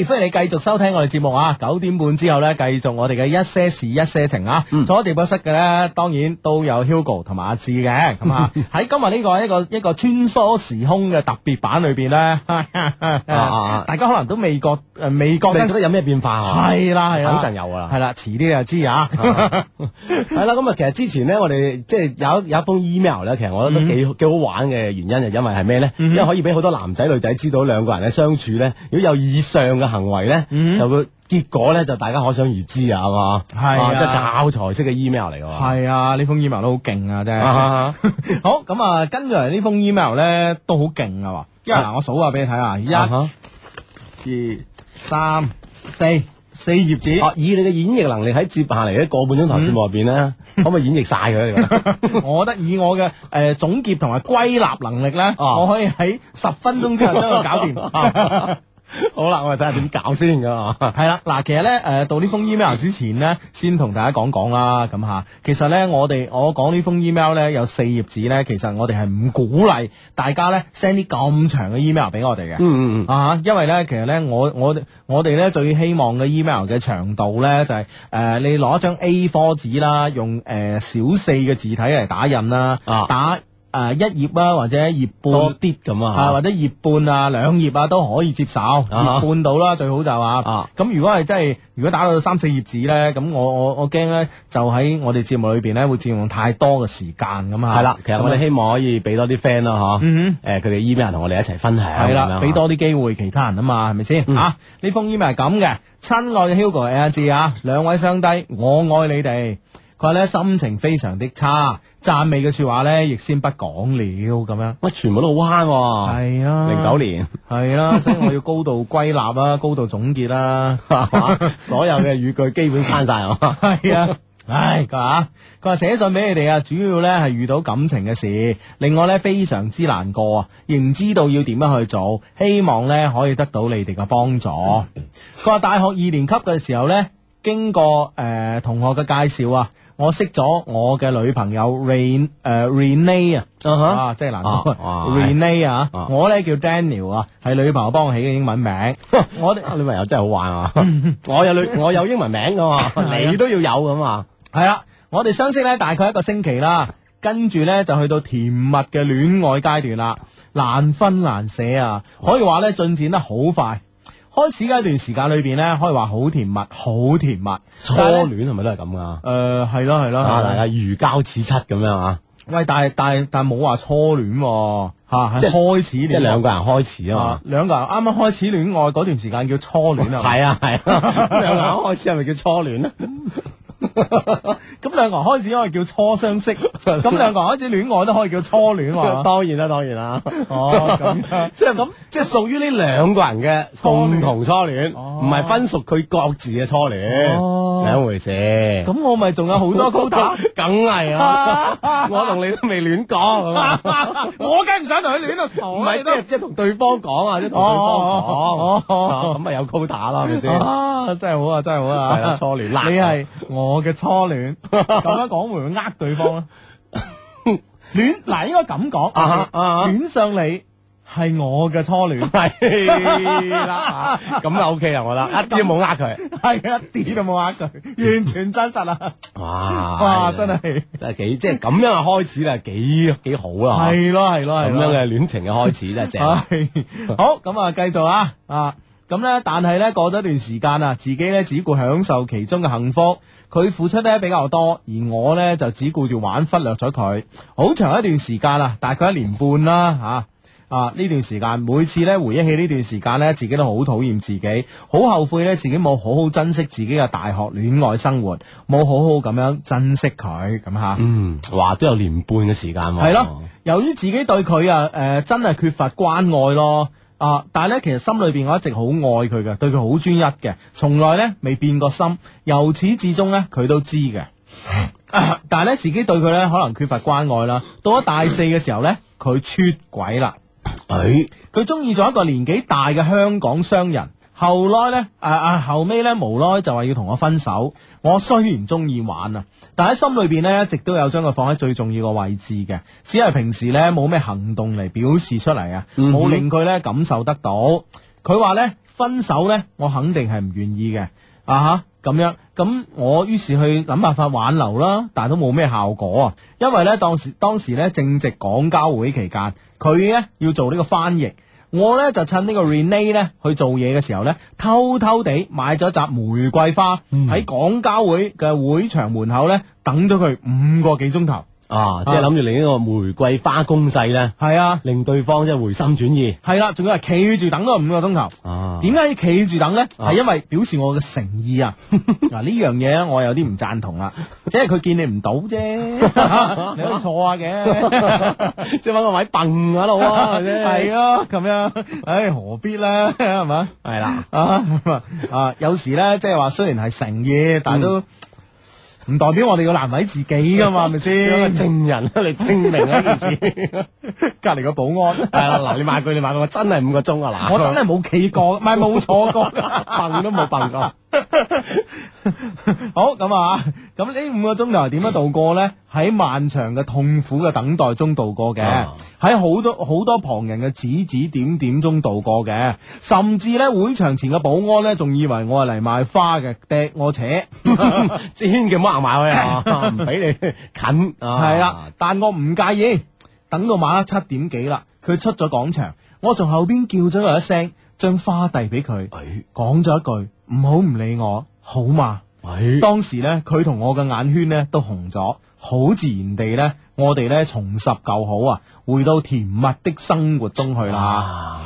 歡迎你繼續收聽我哋節目啊！九點半之後咧，繼續我哋嘅一些事一些情啊！坐喺直播室嘅咧，當然都有 Hugo 同埋阿志嘅咁啊！喺今日呢個一個一個穿梭時空嘅特別版裏邊咧，大家可能都未覺誒未覺，你覺得有咩變化？係啦係啦，等陣有啦，係啦，遲啲就知啊！係啦，咁啊，其實之前呢，我哋即係有有一封 email 咧，其實我覺得都幾幾好玩嘅原因就因為係咩咧？因為可以俾好多男仔女仔知道兩個人嘅相處咧，如果有以上嘅。行為咧，就會結果咧，就大家可想而知啊，係嘛？係即教材式嘅 email 嚟嘅。係啊，呢封 email 都好勁啊，真係。好咁啊，跟住嚟呢封 email 咧，都好勁啊，嗱，我數下俾你睇下，一、二、三、四，四頁紙。以你嘅演繹能力，喺接下嚟一個半鐘頭節目入邊咧，可唔可以演繹晒佢？我覺得以我嘅誒總結同埋歸納能力咧，我可以喺十分鐘之內將佢搞掂。 [LAUGHS] 好啦，我哋睇下點搞先嘅哦。係啦，嗱，其實咧，誒，到呢封 email 之前咧，先同大家講講啦，咁、啊、吓，其實咧，我哋我講呢封 email 咧有四頁紙咧，其實我哋係唔鼓勵大家咧 send 啲咁長嘅 email 俾我哋嘅。嗯嗯嗯。啊，因為咧，其實咧，我我我哋咧最希望嘅 email 嘅長度咧就係、是、誒、呃，你攞一張 A4 紙啦，用誒、呃、小四嘅字體嚟打印啦，啊、打。誒、呃、一頁啊，或者一頁半多啲咁啊，或者頁半啊、兩頁啊都可以接受，啊、頁半到啦最好就話。咁、啊啊、如果係真係，如果打到三四頁紙咧，咁我我我驚咧，就喺我哋節目裏邊咧會佔用太多嘅時間咁啊。係啦、嗯，其實我哋希望可以俾多啲 friend 咯，嚇、啊。誒、嗯哼，佢哋 email 同我哋一齊分享，係啦、嗯哼，俾多啲機會其他人啊嘛，係咪先？啊，呢、嗯啊、封 email 係咁嘅，親愛嘅 Hugo、Alexie 啊，兩位相低，我愛你哋。佢咧心情非常的差，讚美嘅説話咧亦先不講了咁樣。乜全部都好慳喎。係啊，零九、啊、年。係啊，所以我要高度歸納啊，高度總結啦、啊 [LAUGHS] 啊，所有嘅語句基本晒。慳曬 [LAUGHS] 斷。係 [LAUGHS] 啊，唉、哎，佢話：佢話寫信俾你哋啊，主要咧係遇到感情嘅事，另外咧非常之難過啊，亦唔知道要點樣去做，希望咧可以得到你哋嘅幫助。佢話 [LAUGHS] 大學二年級嘅時候咧，經過誒、呃、同學嘅介紹啊。我識咗我嘅女朋友 Renee 誒 Renee 啊，啊即係難讀、uh huh.，Renee 啊，uh huh. 我咧叫 Daniel 啊，係女朋友幫我起嘅英文名。我女朋友真係好玩啊！ [LAUGHS] 我有女我有英文名噶嘛，你 [LAUGHS] 都要有噶嘛。係啊， [LAUGHS] 我哋相識咧大概一個星期啦，跟住咧就去到甜蜜嘅戀愛階段啦，難分難捨啊，可以話咧進展得好快。開始嘅一段時間裏邊咧，可以話好甜蜜，好甜蜜。初戀係咪都係咁噶？誒，係咯係咯，啊，大家如膠似漆咁樣啊。喂，但係但係但係冇話初戀喎、啊，吓、啊，即係開始，即係兩個人開始啊嘛。兩、啊、個人啱啱開始戀愛嗰段時間叫初戀啊。係啊係啊，兩個人開始係咪叫初戀啊？咁兩個人開始可以叫初相識，咁兩個人開始戀愛都可以叫初戀喎。當然啦，當然啦。哦，咁即係咁，即係屬於呢兩個人嘅共同初戀，唔係分屬佢各自嘅初戀。哦，係一回事。咁我咪仲有好多高打梗係啦。我同你都未亂講，我梗唔想同佢亂到傻。唔係，即係即係同對方講啊，即同對方講。哦，咁咪有高打啦，係咪先？真係好啊，真係好啊！初戀，你係我嘅初戀咁樣講會唔會呃對方咧？戀嗱，應該咁講，戀上你係我嘅初戀係啦，咁就 OK 啦，我諗一啲都冇呃佢，係一啲都冇呃佢，完全真實啊！哇哇，真係真係幾即係咁樣嘅開始咧幾幾好啦，係咯係咯係咁樣嘅戀情嘅開始真係正。好咁啊，繼續啊啊咁咧，但係咧過咗一段時間啊，自己咧只顧享受其中嘅幸福。佢付出咧比較多，而我呢，就只顧住玩，忽略咗佢好長一段時間啦。大概一年半啦，嚇啊呢、啊、段時間每次呢，回憶起呢段時間呢，自己都好討厭自己，好後悔呢，自己冇好好珍惜自己嘅大學戀愛生活，冇好好咁樣珍惜佢咁嚇。嗯，哇，都有年半嘅時間喎。係咯的，哦、由於自己對佢啊，誒、呃、真係缺乏關愛咯。啊！但係咧，其實心裏邊我一直好愛佢嘅，對佢好專一嘅，從來咧未變過心，由始至終咧佢都知嘅、啊。但係咧自己對佢咧可能缺乏關愛啦。到咗大四嘅時候咧，佢出軌啦。誒、哎，佢中意咗一個年紀大嘅香港商人。後來呢，誒、啊、誒、啊，後尾呢，無奈就話要同我分手。我雖然中意玩啊，但喺心裏邊呢，一直都有將佢放喺最重要個位置嘅，只係平時呢，冇咩行動嚟表示出嚟啊，冇、嗯、哼令佢呢感受得到。佢話呢，分手呢，我肯定係唔願意嘅啊吓，咁樣。咁我於是去諗辦法挽留啦，但係都冇咩效果啊，因為呢，當時當時呢正值廣交會期間，佢呢要做呢個翻譯。我咧就趁呢個 Renée 咧去做嘢嘅時候呢，偷偷哋買咗一扎玫瑰花，嗯，喺廣交會嘅會場門口呢，等咗佢五個幾鐘頭。啊！即係諗住嚟呢個玫瑰花攻勢咧，係是啊，令對方即係回心轉意。係啦，仲要係企住等咗五個鐘頭。啊，點解要企住等咧？係因為表示我嘅誠意啊，啊！嗱，呢樣嘢我有啲唔贊同啦。即係佢見你唔到啫，雞掌 [LAUGHS] 你都以坐下嘅，即係揾個位蹦喺度啊，係啊，咁樣。唉，何必咧？係嘛，係啦雞掌啊嘞有時咧，即係話雖然係誠意，但都。唔代表我哋要難為自己噶嘛，係咪 [LAUGHS] 先？個證人啊，你證明啊呢件事，隔籬個保安係啦。嗱、 [LAUGHS] 哎，你買句，你買句，我真係五個鐘啊嗱， [LAUGHS] 我真係冇企過，唔係冇坐過， [LAUGHS] 笨都冇笨過。 [LAUGHS] 好咁啊！咁呢五個鐘頭係點樣度過呢？喺漫長嘅痛苦嘅等待中度過嘅，喺好、啊、多好多旁人嘅指指點點中度過嘅，甚至呢會場前嘅保安呢，仲以為我係嚟賣花嘅，踢我扯，即叫乜住踎埋去，唔俾你 [LAUGHS] 近。係啊，啊但我唔介意。等到晚黑七點幾啦，佢出咗廣場，我從後邊叫咗佢一聲。 [LAUGHS] 將花遞俾佢，講咗、哎、一句唔好唔理我，好嘛？哎、當時呢，佢同我嘅眼圈呢都紅咗，好自然地呢，我哋呢重拾舊好啊，回到甜蜜的生活中去啦。啊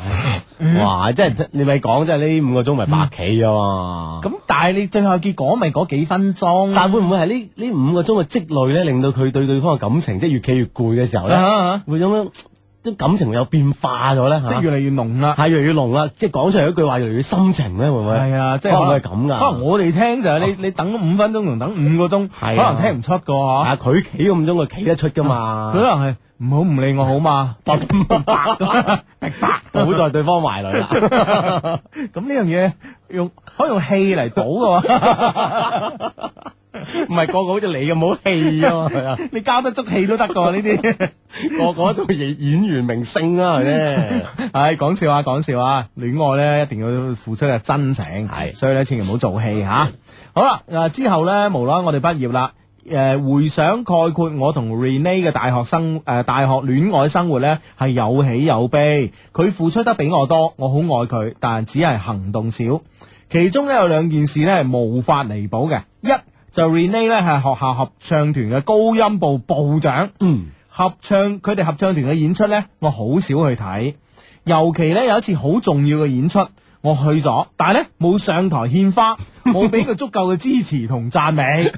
嗯、哇！即係你咪講，即係呢五個鐘咪白企啊。咁、嗯嗯、但係你最後結果咪嗰幾分鐘？啊、但會唔會係呢呢五個鐘嘅積累呢，令到佢對對方嘅感情即係越企越攰嘅時候呢？會咁樣？啊啊啊啊啊啊啊感情有變化咗咧，即係越嚟越濃啦，係越嚟越濃啦，即係講出嚟一句話，越嚟越深情咧，會唔會？係啊，即係會唔會係咁噶？可能我哋聽就係你，你等五分鐘同等五個鐘，可能聽唔出噶。但係，佢企咁分鐘，佢企得出噶嘛？可能係唔好唔理我好嘛？白白咁，白躲在對方懷裡啦。咁呢樣嘢用可以用氣嚟賭噶喎。唔係 [LAUGHS] 個個好似你咁冇戲啊！你交得足戲都得個呢啲個個都演演員明星啊。係講、啊、笑啊講、哎、笑啊！戀、啊、愛咧一定要付出嘅真情係， [LAUGHS] 所以咧千祈唔、啊、 [LAUGHS] 好做戲吓。好、啊、啦，誒之後呢，無奈我哋畢業啦。誒、呃、回想概括我同 Rene 嘅大學生誒、呃、大學戀愛生活呢，係有喜有悲。佢付出得比我多，我好愛佢，但只係行動少。其中呢，有兩件事呢，係無法彌補嘅一。一就 Renay 咧係學校合唱團嘅高音部部長，嗯，合唱佢哋合唱團嘅演出咧，我好少去睇，尤其咧有一次好重要嘅演出。我去咗，但係咧冇上台獻花，冇俾佢足夠嘅支持同讚美，呢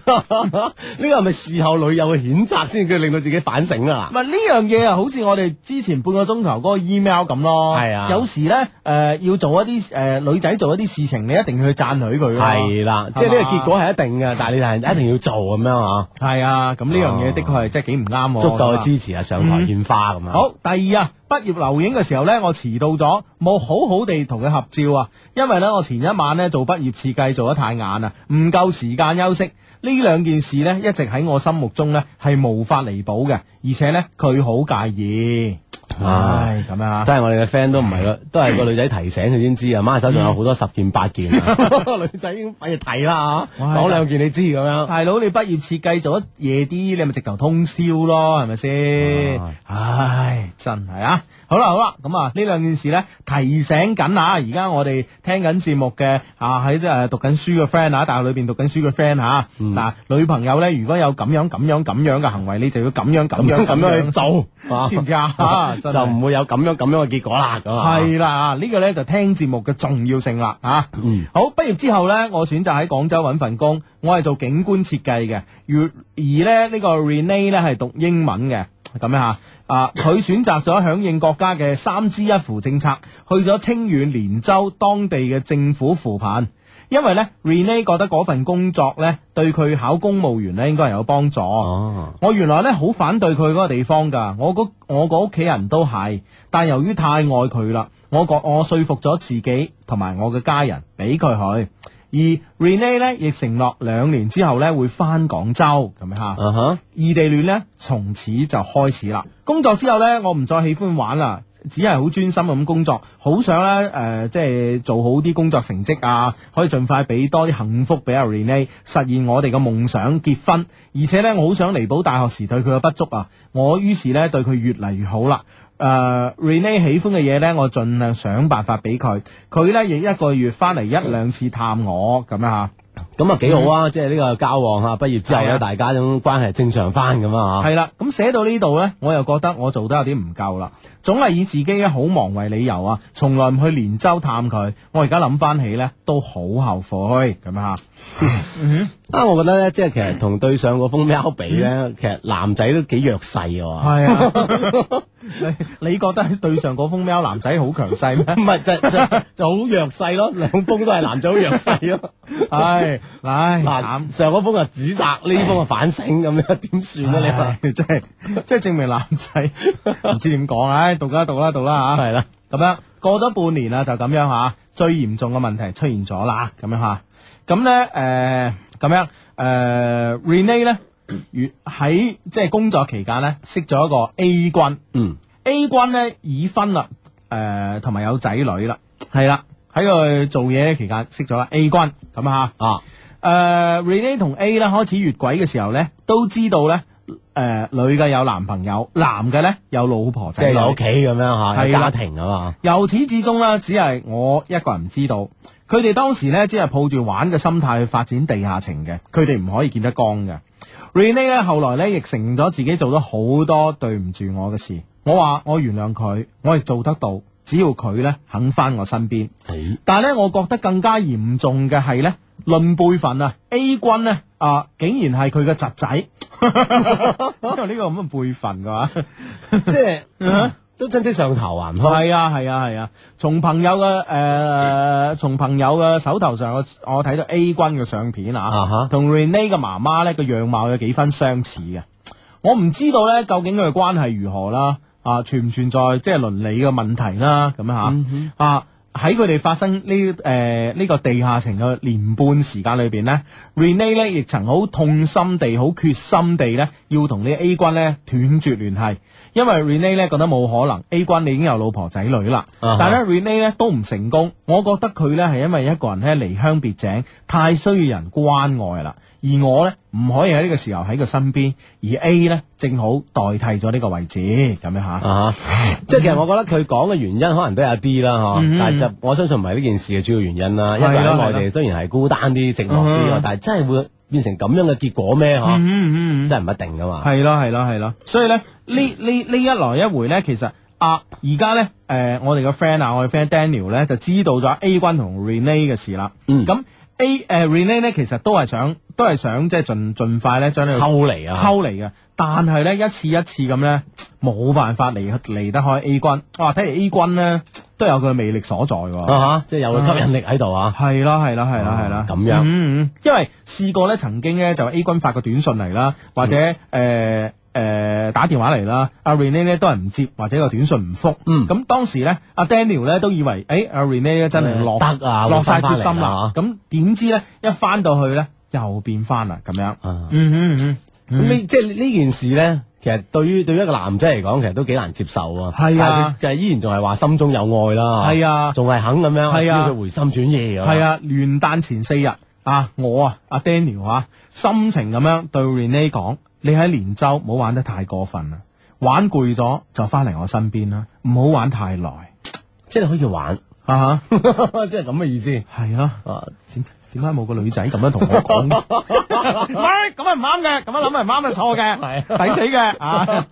個係咪事後女友嘅譴責先至叫令到自己反省啊？嗱， [LAUGHS] 係呢樣嘢啊，好似我哋之前半個鐘頭嗰個 email 咁咯。係啊，有時咧誒、呃、要做一啲誒、呃、女仔做一啲事情，你一定要去讚許佢咯。係啦、啊，即係呢個結果係一定嘅， [LAUGHS] 但係你係一定要做咁樣 [LAUGHS] 啊。係啊，咁呢樣嘢的確係即係幾唔啱，足夠嘅支持啊，上台獻花咁啊、嗯。好，第二啊。畢業留影嘅時候呢，我遲到咗，冇好好地同佢合照啊！因為呢，我前一晚呢做畢業設計做得太晏啊，唔夠時間休息。呢兩件事呢，一直喺我心目中呢係無法彌補嘅，而且呢，佢好介意。唉，咁啊，都係我哋嘅 friend 都唔係咯，都係個女仔提醒佢先知啊。媽，手上有好多十件八件啊！女仔，已反正提啦吓，攞兩件你知咁樣。大佬，你畢業設計做得夜啲，你咪直頭通宵咯？係咪先？唉，真係啊！好啦好啦，咁啊呢兩件事呢提醒緊吓。而家我哋聽緊節目嘅啊，喺度讀緊書嘅 friend 啊，大學裏邊讀緊書嘅 friend 吓。嗱，女朋友呢，如果有咁樣咁樣咁樣嘅行為，你就要咁樣咁樣咁樣去做，知唔知啊？就唔會有咁樣咁樣嘅結果啦，係啦的，啊、個呢個咧就是、聽節目嘅重要性啦，吓、啊，嗯、好畢業之後呢，我選擇喺廣州揾份工，我係做景觀設計嘅，而而咧呢個 Renay 咧係讀英文嘅，咁樣吓，啊佢選擇咗響應國家嘅三支一扶政策，去咗清遠連州當地嘅政府扶貧。因為咧，Renee 覺得嗰份工作咧，對佢考公務員咧，應該係有幫助。啊、我原來咧好反對佢嗰個地方噶，我個我個屋企人都係，但由於太愛佢啦，我個我說服咗自己同埋我嘅家人，俾佢去。而 Renee 咧亦承諾兩年之後咧會翻廣州咁樣吓。異、啊、哈地戀呢從此就開始啦。工作之後呢，我唔再喜歡玩啦。只係好專心咁工作，好想咧誒、呃，即係做好啲工作成績啊，可以盡快俾多啲幸福俾 Renee，實現我哋嘅夢想，結婚。而且呢，我好想彌補大學時對佢嘅不足啊！我於是呢，對佢越嚟越好啦。誒、呃、Renee 喜歡嘅嘢呢，我盡量想辦法俾佢。佢呢，亦一個月翻嚟一兩次探我咁樣吓～咁啊，幾好、嗯、啊！即係呢個交往啊，畢業之後咧，啊、大家嘅關係正常翻咁啊吓。係啦，咁寫到呢度咧，我又覺得我做得有啲唔夠啦，總係以自己好忙為理由啊，從來唔去連州探佢。我而家諗翻起咧，都好後悔咁啊！咁、 [LAUGHS] 嗯、啊，我覺得咧，即係其實同對上嗰封喵比咧，嗯、其實男仔都幾弱勢喎。係啊， [LAUGHS] 你你覺得對上嗰封喵男仔好強勢咩？唔係 [LAUGHS] 就就就好弱勢咯，兩封都係男仔好弱勢咯，係。 [LAUGHS] [LAUGHS] [LAUGHS] [LAUGHS] 唉，慘！上嗰封啊，指責呢封嘅反省咁樣，點算咧？你真係即係證明男仔唔知點講，唉，讀啦，讀啦，讀啦吓，係啦，咁樣過咗半年啦，就咁樣吓，最嚴重嘅問題出現咗啦，咁樣吓，咁咧誒，咁樣誒，Rene 咧，喺即係工作期間咧，識咗一個 A 君，嗯，A 君咧已婚啦，誒，同埋有仔女啦，係啦，喺佢做嘢期間識咗 A 君，咁啊，啊。誒，Rene 同 A 咧開始越軌嘅時候咧，都知道咧。誒，女嘅有男朋友，男嘅咧有老婆仔，即係喺屋企咁樣吓，係家庭啊嘛。由始至終咧，只係我一個人唔知道。佢哋當時咧，只係抱住玩嘅心態去發展地下情嘅。佢哋唔可以見得光嘅。Rene 咧後來咧，亦承認咗自己做咗好多對唔住我嘅事。我話我原諒佢，我亦做得到，只要佢咧肯翻我身邊。但係咧，我覺得更加嚴重嘅係咧。論輩份啊，A 君呢，啊，竟然係佢嘅侄仔，知道呢個咁嘅輩份嘅話，即係都真係上頭雲開。係啊係啊係啊，從、啊啊啊、朋友嘅誒，從、呃、朋友嘅手頭上我睇到 A 君嘅相片啊，同 Renee 嘅媽媽呢個樣貌有幾分相似嘅。我唔知道呢，究竟佢嘅關係如何啦、啊？啊，存唔存在即係倫理嘅問題啦？咁啊，啊。啊啊啊啊喺佢哋發生呢誒呢個地下情嘅年半時間裏邊咧，Rene 咧亦曾好痛心地、好決心地咧，要同呢 A 君咧斷絕聯繫，因為 Rene 咧覺得冇可能 A 君你已經有老婆仔女啦，uh huh. 但係 Rene 咧都唔成功，我覺得佢咧係因為一個人咧離鄉別井，太需要人關愛啦。而我呢，唔可以喺呢個時候喺佢身邊，而 A 呢，正好代替咗呢個位置，咁樣吓，即係、uh huh. 其實我覺得佢講嘅原因可能都有啲啦，uh huh. 但係我相信唔係呢件事嘅主要原因啦。因為一個人喺內地雖然係孤單啲、寂寞啲，uh huh. 但係真係會變成咁樣嘅結果咩？啊 uh huh. 真係唔一定噶嘛。係咯、uh，係、huh. 咯，係咯。所以咧，呢呢呢一來一回呢，其實啊，而家呢，誒、呃，我哋個 friend 啊，我嘅 friend Daniel 呢，就知道咗 A 君同 Rene 嘅事啦。咁、uh。Huh. 那 A 誒、呃、Renay 咧，其實都係想，都係想即係盡盡快咧將你抽，抽離啊！抽離嘅，但係咧一次一次咁咧，冇辦法離離得開 A 軍。哇、啊！睇嚟 A 軍咧都有佢魅力所在喎，啊、即係有吸引力喺度啊！係啦、啊，係啦，係啦，係啦，咁、啊、這樣。嗯嗯，因為試過咧，曾經咧就 A 軍發個短信嚟啦，或者誒。嗯嗯誒，打電話嚟啦，阿 Rene 咧都係唔接或者個短信唔覆咁當時咧阿 Daniel 咧都以為誒阿 Rene 咧真係落得啊落晒決心啦，咁點知咧一翻到去咧又變翻啦咁樣，嗯嗯嗯，咁你即係呢件事咧，其實對於對一個男仔嚟講，其實都幾難接受啊，係啊，就係依然仲係話心中有愛啦，係啊，仲係肯咁樣，知佢回心轉意。係啊，元旦前四日啊，我啊阿 Daniel 啊，心情咁樣對 Rene 講。你喺連州唔好玩得太過分啦，玩攰咗，就翻嚟我身邊啦，唔好玩太耐，即係可以玩啊！即係咁嘅意思。係啊，點解冇個女仔咁樣同我講？唔係咁唔啱嘅，咁樣諗係唔啱，係錯嘅，抵死嘅啊！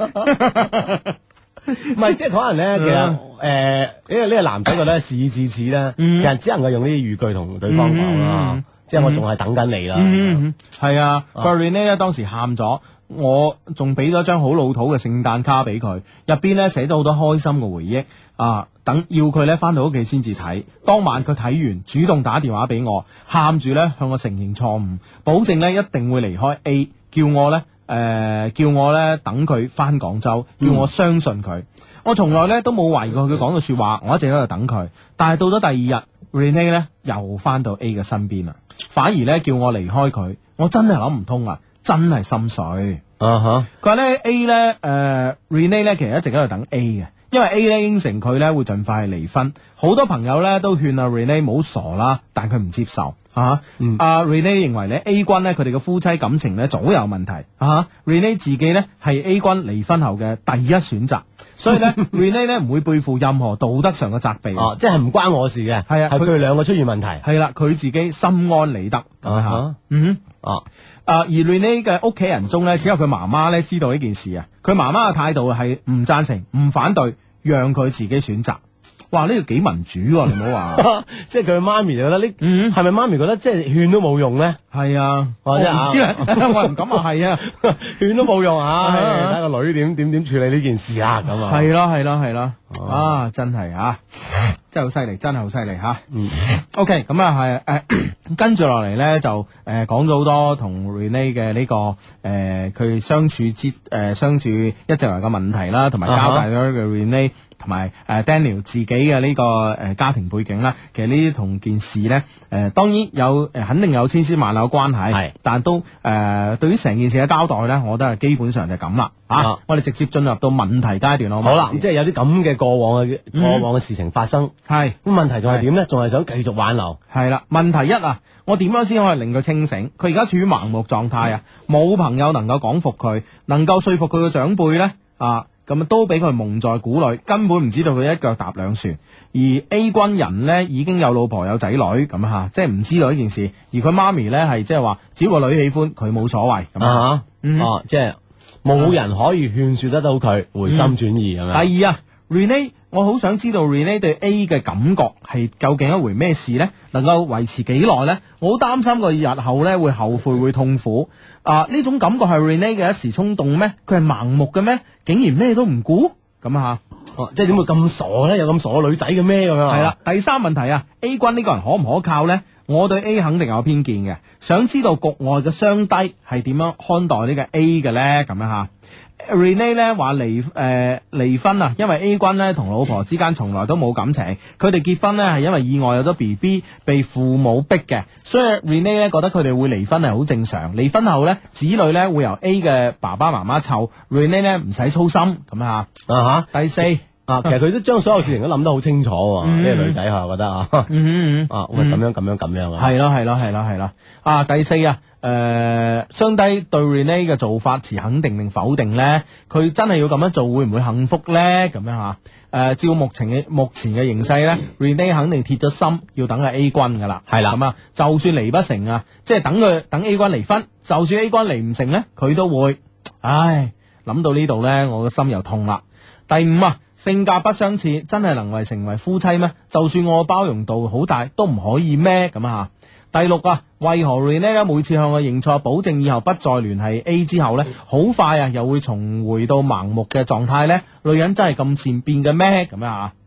唔係即係可能咧，其實誒，因為呢個男仔覺得事已至此啦，其實只能夠用呢啲語句同對方講啦，即係我仲係等緊你啦。係啊，Curry 咧當時喊咗。我仲俾咗張好老土嘅聖誕卡俾佢，入邊咧寫咗好多開心嘅回憶啊！等要佢咧翻到屋企先至睇。當晚佢睇完，主動打電話俾我，喊住咧向我承認錯誤，保證咧一定會離開 A，叫我咧誒、呃、叫我咧等佢翻廣州，叫我相信佢。嗯、我從來咧都冇懷疑過佢講嘅說話，我一直喺度等佢。但係到咗第二日，Rene 咧又翻到 A 嘅身邊啦，反而咧叫我離開佢。我真係諗唔通啊！真係心水，佢話咧 A 咧，誒，呃，Rene 咧其實一直喺度等 A 嘅，因為 A 咧應承佢咧會盡快離婚，好多朋友咧都勸阿 Rene 冇傻啦，但佢唔接受。啊！阿、uh, mm. Rene 認為咧，A 君咧佢哋嘅夫妻感情咧早有問題。啊、uh huh.！Rene 自己咧係 A 君離婚後嘅第一選擇，所以咧 Rene 咧唔會背負任何道德上嘅責備， [LAUGHS] 哦、即係唔關我事嘅。係啊，係佢哋兩個出現問題。係啦、啊，佢自己心安理得咁啊！嗯哼，啊而 Rene 嘅屋企人中咧，只有佢媽媽咧知道呢件事啊。佢媽媽嘅態度係唔贊成、唔反對，讓佢自己選擇。哇！呢個幾民主喎、啊， [LAUGHS] 你唔好話，即係佢媽咪覺得呢，嗯？係咪媽咪覺得即係勸都冇用咧？係啊，我唔知啦，我唔敢啊，係 [LAUGHS] [LAUGHS] 啊，勸都冇用啊，睇個女點點點處理呢件事啊，咁啊，係咯係咯係咯，啊真係啊，啊，真係好犀利，真係好犀利吓。嗯、啊、OK，咁啊係誒，呃、跟住落嚟咧就誒講咗好多同 Renee 嘅呢、這個誒佢、呃、相處之誒、呃、相處一直以來嘅問題啦，同、啊、埋交代咗嘅 Renee、嗯。同埋誒 Daniel 自己嘅呢個誒家庭背景啦，其實呢啲同件事呢，誒、呃、當然有誒肯定有千絲萬縷嘅關係，係是，但都誒、呃、對於成件事嘅交代呢，我都係基本上就咁啦，的啊，我哋直接進入到問題階段咯，好唔好啦的，即係有啲咁嘅過往嘅、嗯、過往嘅事情發生，係的，咁問題仲係點呢？仲係的想繼續挽留，係啦，問題一啊，我點樣先可以令佢清醒？佢而家處於盲目狀態啊，冇的朋友能夠講服佢，能夠説服佢嘅長輩呢。啊。啊。咁都俾佢蒙在鼓裏，根本唔知道佢一腳踏兩船。而 A 軍人呢，已經有老婆有仔女咁啊，嚇，即係唔知道呢件事。而佢媽咪呢，係即係話，只要個女喜歡，佢冇所謂咁啊，哦，即係冇人可以勸說得到佢回心轉意咁樣。Mm hmm. 係咪？第二啊，Rene。我好想知道 Rena 對 A 嘅感覺係究竟一回咩事呢？能夠維持幾耐呢？我好擔心佢日後呢會後悔會痛苦啊！呢種感覺係 Rena 嘅一時衝動咩？佢係盲目嘅咩？竟然咩都唔顧咁吓！啊，即係點會咁傻呢？有咁傻女仔嘅咩咁樣？係啦，第三問題啊，A 君呢個人可唔可靠呢？我對 A 肯定有偏見嘅，想知道局外嘅雙低係點樣看待呢個 A 嘅呢？咁樣吓。Rene 呢話離誒離婚啊，因為 A 君呢同老婆之間從來都冇感情，佢哋結婚呢，係因為意外有咗 BB 被父母逼嘅，所以 Rene 呢覺得佢哋會離婚係好正常。離婚後呢，子女呢會由 A 嘅爸爸媽媽湊，Rene 呢唔使操心咁啊。啊吓，第四啊，其實佢都將所有事情都諗得好清楚，呢個女仔吓，我覺得啊，啊咁樣咁樣咁樣啊，係啦係啦係啦係啦，啊第四啊。誒、呃，相低對，對 Renay 嘅做法持肯定定否定呢？佢真係要咁樣做，會唔會幸福呢？咁樣吓？誒、呃，照目前嘅目前嘅形勢呢 [COUGHS] Renay 肯定鐵咗心要等阿 A 君噶啦，係啦的，咁啊，就算離不成啊，即係等佢等 A 君離婚，就算 A 君離唔成呢，佢都會。唉，諗到呢度呢，我個心又痛啦。第五啊，性格不相似，真係能為成為夫妻咩？就算我包容度好大，都唔可以咩？咁啊？第六啊，為何 Relax 每次向我認錯，保證以後不再聯繫 A 之後呢，好快啊又會重回到盲目嘅狀態呢。女人真係咁善變嘅咩？咁樣啊？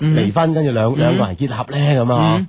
離、mm hmm. 婚跟住兩、mm hmm. 兩個人結合咧咁、mm hmm. 樣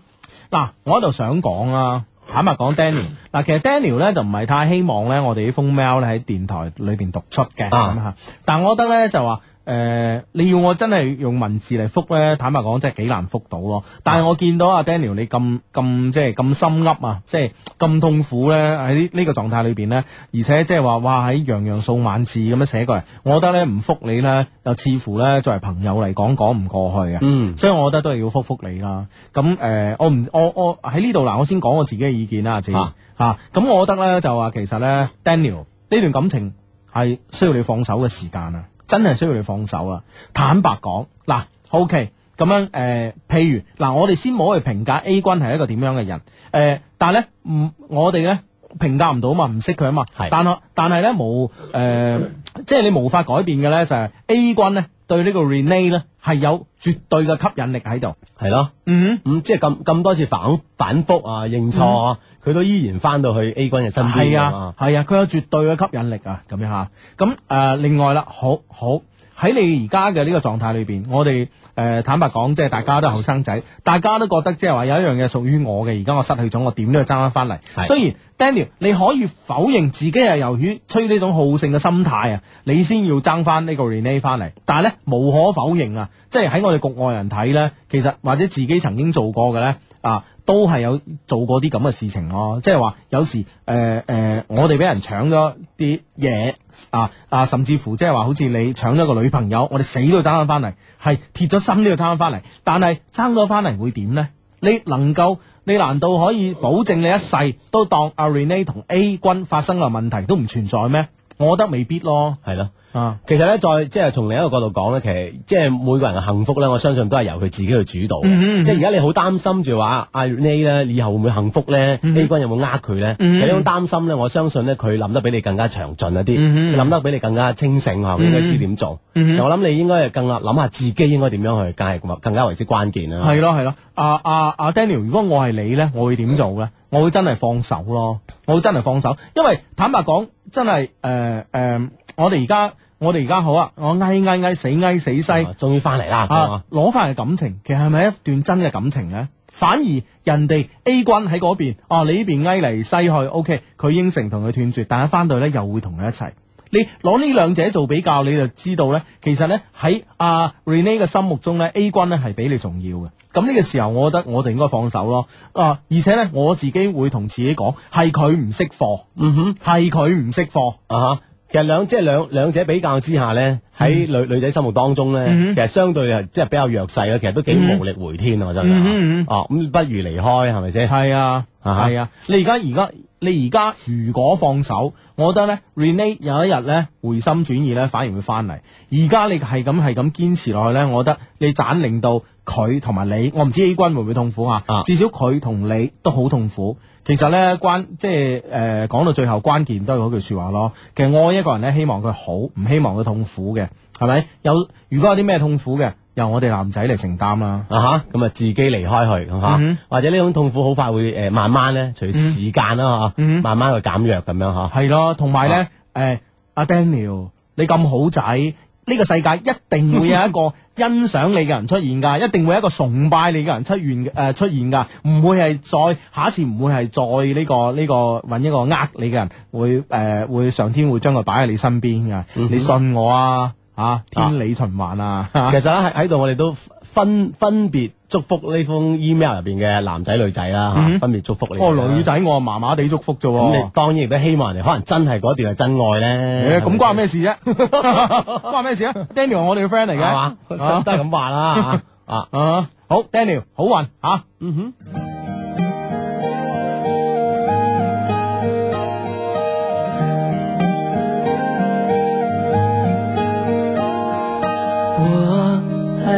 嗬，嗱我喺度想講啊，坦白講 Daniel 嗱，其實 Daniel 咧就唔係太希望咧我哋啲封 mail 咧喺電台裏邊讀出嘅咁吓，但係我覺得咧就話，誒、呃，你要我真係用文字嚟覆咧，坦白講真係幾難覆到咯。但係我見到阿、啊、Daniel 你咁咁，即係咁心悒啊，即係咁痛苦咧喺呢個狀態裏邊呢，而且即係話哇喺洋洋數萬字咁樣寫過嚟，我覺得咧唔覆你呢，又似乎咧作為朋友嚟講講唔過去啊。嗯、所以我覺得都係要覆覆你啦。咁誒、呃，我唔我我喺呢度嗱，我先講我自己嘅意見啦，自己吓咁，啊啊、我覺得咧就話其實咧 Daniel 呢段感情係需要你放手嘅時間啊。真係需要佢放手啊！坦白講嗱，OK 咁樣誒、呃，譬如嗱，我哋先冇去評價 A 君係一個點樣嘅人誒、呃，但係咧唔、呃、我哋咧評價唔到啊嘛，唔識佢啊嘛，是的 但係但係咧無誒，呃、是的 即係你無法改變嘅咧就係 A 君咧對個、e、呢個 Renay 咧係有絕對嘅吸引力喺度，係咯的，嗯，咁、嗯、即係咁咁多次反反復啊認錯、啊。嗯佢都依然翻到去 A 軍嘅身邊，係啊，係啊，佢有絕對嘅吸引力啊，咁樣吓。咁、啊、誒，另外啦，好好喺你而家嘅呢個狀態裏邊，我哋誒、呃、坦白講，即係大家都係後生仔，大家都覺得即係話有一樣嘢屬於我嘅，而家我失去咗，我點都要爭翻翻嚟。啊、雖然 Daniel，你可以否認自己係由於出於呢種好勝嘅心態啊，你先要爭翻呢個 Renee 翻嚟，但係呢，無可否認啊，即係喺我哋局外人睇呢，其實或者自己曾經做過嘅呢。啊。都係有做過啲咁嘅事情咯、哦，即係話有時誒誒、呃呃，我哋俾人搶咗啲嘢啊啊，甚至乎即係話好似你搶咗個女朋友，我哋死都要爭翻翻嚟，係鐵咗心都要爭翻翻嚟，但係爭咗翻嚟會點呢？你能夠，你難道可以保證你一世都當阿 Renee 同 A 君發生嘅問題都唔存在咩？我覺得未必咯，係啦。啊，其實咧，再即係從另一個角度講咧，其實即係每個人嘅幸福咧，我相信都係由佢自己去主導。即係而家你好擔心住話阿 Ray 咧，以後會唔會幸福咧？A 君有冇呃佢咧？呢種擔心咧，我相信咧，佢諗得比你更加詳盡一啲，諗得比你更加清醒，應該知點做？我諗你應該係更諗下自己應該點樣去，梗係更加為之關鍵啦。係咯係咯，阿阿阿 Daniel，如果我係你咧，我會點做咧？我會真係放手咯，我會真係放手，因為坦白講，真係誒誒，我哋而家。我哋而家好啊！我哀哀哀死哀死西，終於翻嚟啦！攞翻嚟嘅感情，其實係咪一段真嘅感情呢？反而人哋 A 君喺嗰邊，哦、啊，你呢邊哀嚟西去，OK，佢應承同佢斷絕，但係翻到呢又會同佢一齊。你攞呢兩者做比較，你就知道呢，其實呢，喺阿、啊、Renee 嘅心目中呢，A 君呢係比你重要嘅。咁呢個時候，我覺得我哋應該放手咯。啊，而且呢，我自己會同自己講，係佢唔識貨，嗯哼，係佢唔識貨啊。其實兩即係兩兩者比較之下咧，喺、嗯、女女仔心目當中咧，嗯、其實相對啊，即係比較弱勢咯。其實都幾無力回天啊，我真係。哦，咁不如離開係咪先？係啊，係啊。你而家而家。你而家如果放手，我覺得呢 Renate 有一日呢，回心轉意呢，反而會翻嚟。而家你係咁係咁堅持落去呢，我覺得你盞令到佢同埋你，我唔知 A 君會唔會痛苦吓，啊、至少佢同你都好痛苦。其實呢，關即係誒，講、呃、到最後關鍵都係嗰句說話咯。其實愛一個人呢，希望佢好，唔希望佢痛苦嘅，係咪？有如果有啲咩痛苦嘅？由我哋男仔嚟承擔啦，啊吓、uh，咁、huh, 啊自己離開去，係嘛、mm？Hmm. 或者呢種痛苦好快會誒慢慢咧，隨時間啦吓，慢慢去減、mm hmm. 啊、弱咁樣吓。係、啊、咯，同埋咧，誒，阿、uh huh. 呃、Daniel，你咁好仔，呢、這個世界一定會有一個欣賞你嘅人出現噶， [LAUGHS] 一定會有一個崇拜你嘅人出現誒出現噶，唔會係再下一次唔會係再呢、這個呢、這個揾一個呃你嘅人，會誒、呃、會上天會將佢擺喺你身邊噶，mm hmm. 你信我啊！啊，天理循環啊！其實喺喺度，我哋都分分別祝福呢封 email 入邊嘅男仔女仔啦，分別祝福你。哦，女仔，我麻麻地祝福啫。咁你當然亦都希望人哋可能真係嗰段係真愛咧。咁關咩事啫？關咩事啊？Daniel 我哋嘅 friend 嚟嘅，係嘛？都係咁話啦，啊啊，好 Daniel，好運吓，嗯哼。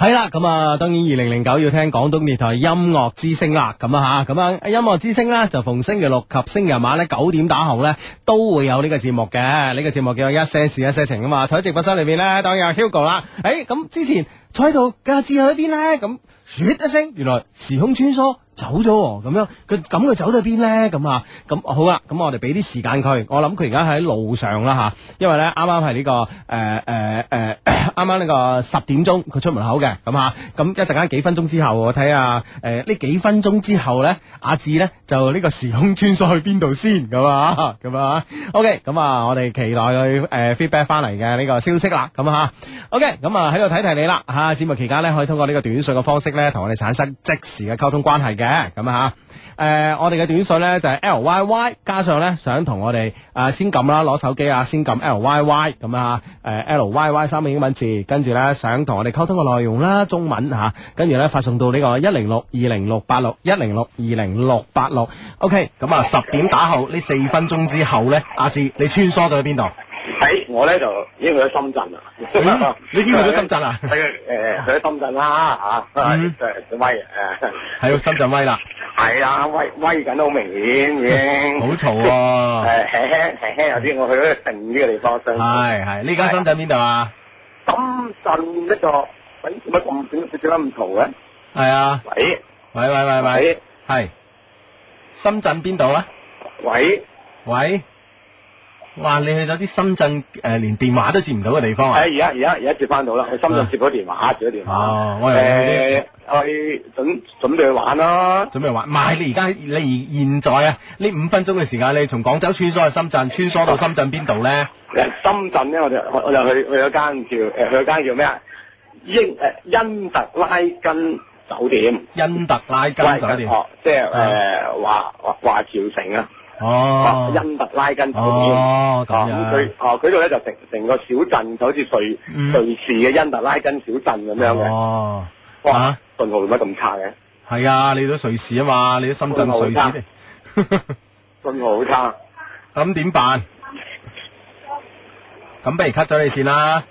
係啦，咁啊，當然二零零九要聽廣東電台音樂之聲啦，咁啊吓，咁樣、啊、音樂之聲呢，就逢星期六及星期日晚咧九點打後呢，都會有呢個節目嘅，呢、這個節目叫做一些事一些情啊嘛，喺直播室裏邊呢，當然 Hugo 啦，誒、欸、咁之前坐喺度，今日之喺邊呢？咁，雪一聲，原來時空穿梭。走咗喎、哦，咁樣佢咁佢走到邊咧？咁啊，咁好啦，咁我哋俾啲時間佢。我諗佢而家喺路上啦吓，因為咧啱啱係呢個誒誒誒，啱啱呢個十點鐘佢出門口嘅，咁啊，咁一陣間幾分鐘之後，我睇下誒呢幾分鐘之後咧，阿智咧就呢個時空穿梭去邊度先？咁啊，咁啊，O K，咁啊我哋期待佢誒 feedback 翻嚟嘅呢個消息啦，咁啊，O K，咁啊喺度睇睇你啦吓，節目期間咧可以通過呢個短信嘅方式咧同我哋產生即時嘅溝通關係嘅。咁啊吓，誒、嗯嗯，我哋嘅短信呢就係、是、L Y Y，加上呢想同我哋誒、呃、先撳啦，攞手機啊先撳、呃、L Y Y，咁啊誒 L Y Y 三個英文字，跟住呢想同我哋溝通嘅內容啦，中文吓，跟、啊、住呢，發送到呢個一零六二零六八六一零六二零六八六，OK，咁、嗯、啊、嗯、十點打後呢四分鐘之後呢，阿志你穿梭到去邊度？喺我咧就已經去咗深圳啦， [LAUGHS] 你已經去咗深圳啦？係嘅，誒、呃，佢喺深圳啦，吓、啊，嗯、呃威啊，威，誒，係深圳威啦，係啊，威威緊都好明顯嘅，已經好嘈喎，誒，輕輕輕輕有啲，我去嗰個靜啲嘅地方，靜。係係， [LAUGHS] 呢間深圳邊度、這個、啊？深圳一個，喂，做乜咁靜，做乜咁嘈嘅？係啊。喂喂喂喂，係。深圳邊度啊？喂喂。哇！你去咗啲深圳誒、呃，連電話都接唔到嘅地方啊！誒，而家而家而家接翻到啦，去深圳接咗電話，接咗電話。哦，我哋，我、呃、準備準備去玩啦。準備去玩，準備去玩？唔係你而家你而現在啊？呢五分鐘嘅時間，你從廣州穿梭去深圳，穿梭到深圳邊度咧？誒，深圳咧，我就我就去去咗間叫誒，去咗間叫咩啊？英誒，茵特拉根酒店。茵特拉根酒店。即係誒華華華僑城啊！哦，茵特、oh, 啊、拉根咁樣，咁佢，哦，嗰度咧就成成個小鎮，就好似瑞瑞士嘅茵特拉根小鎮咁樣嘅。哦、嗯，哇，信號點解咁差嘅？係啊，你都瑞士啊嘛，你都深圳瑞士，信號好差。咁點辦？咁 [LAUGHS] [LAUGHS] 不如 cut 咗你先啦。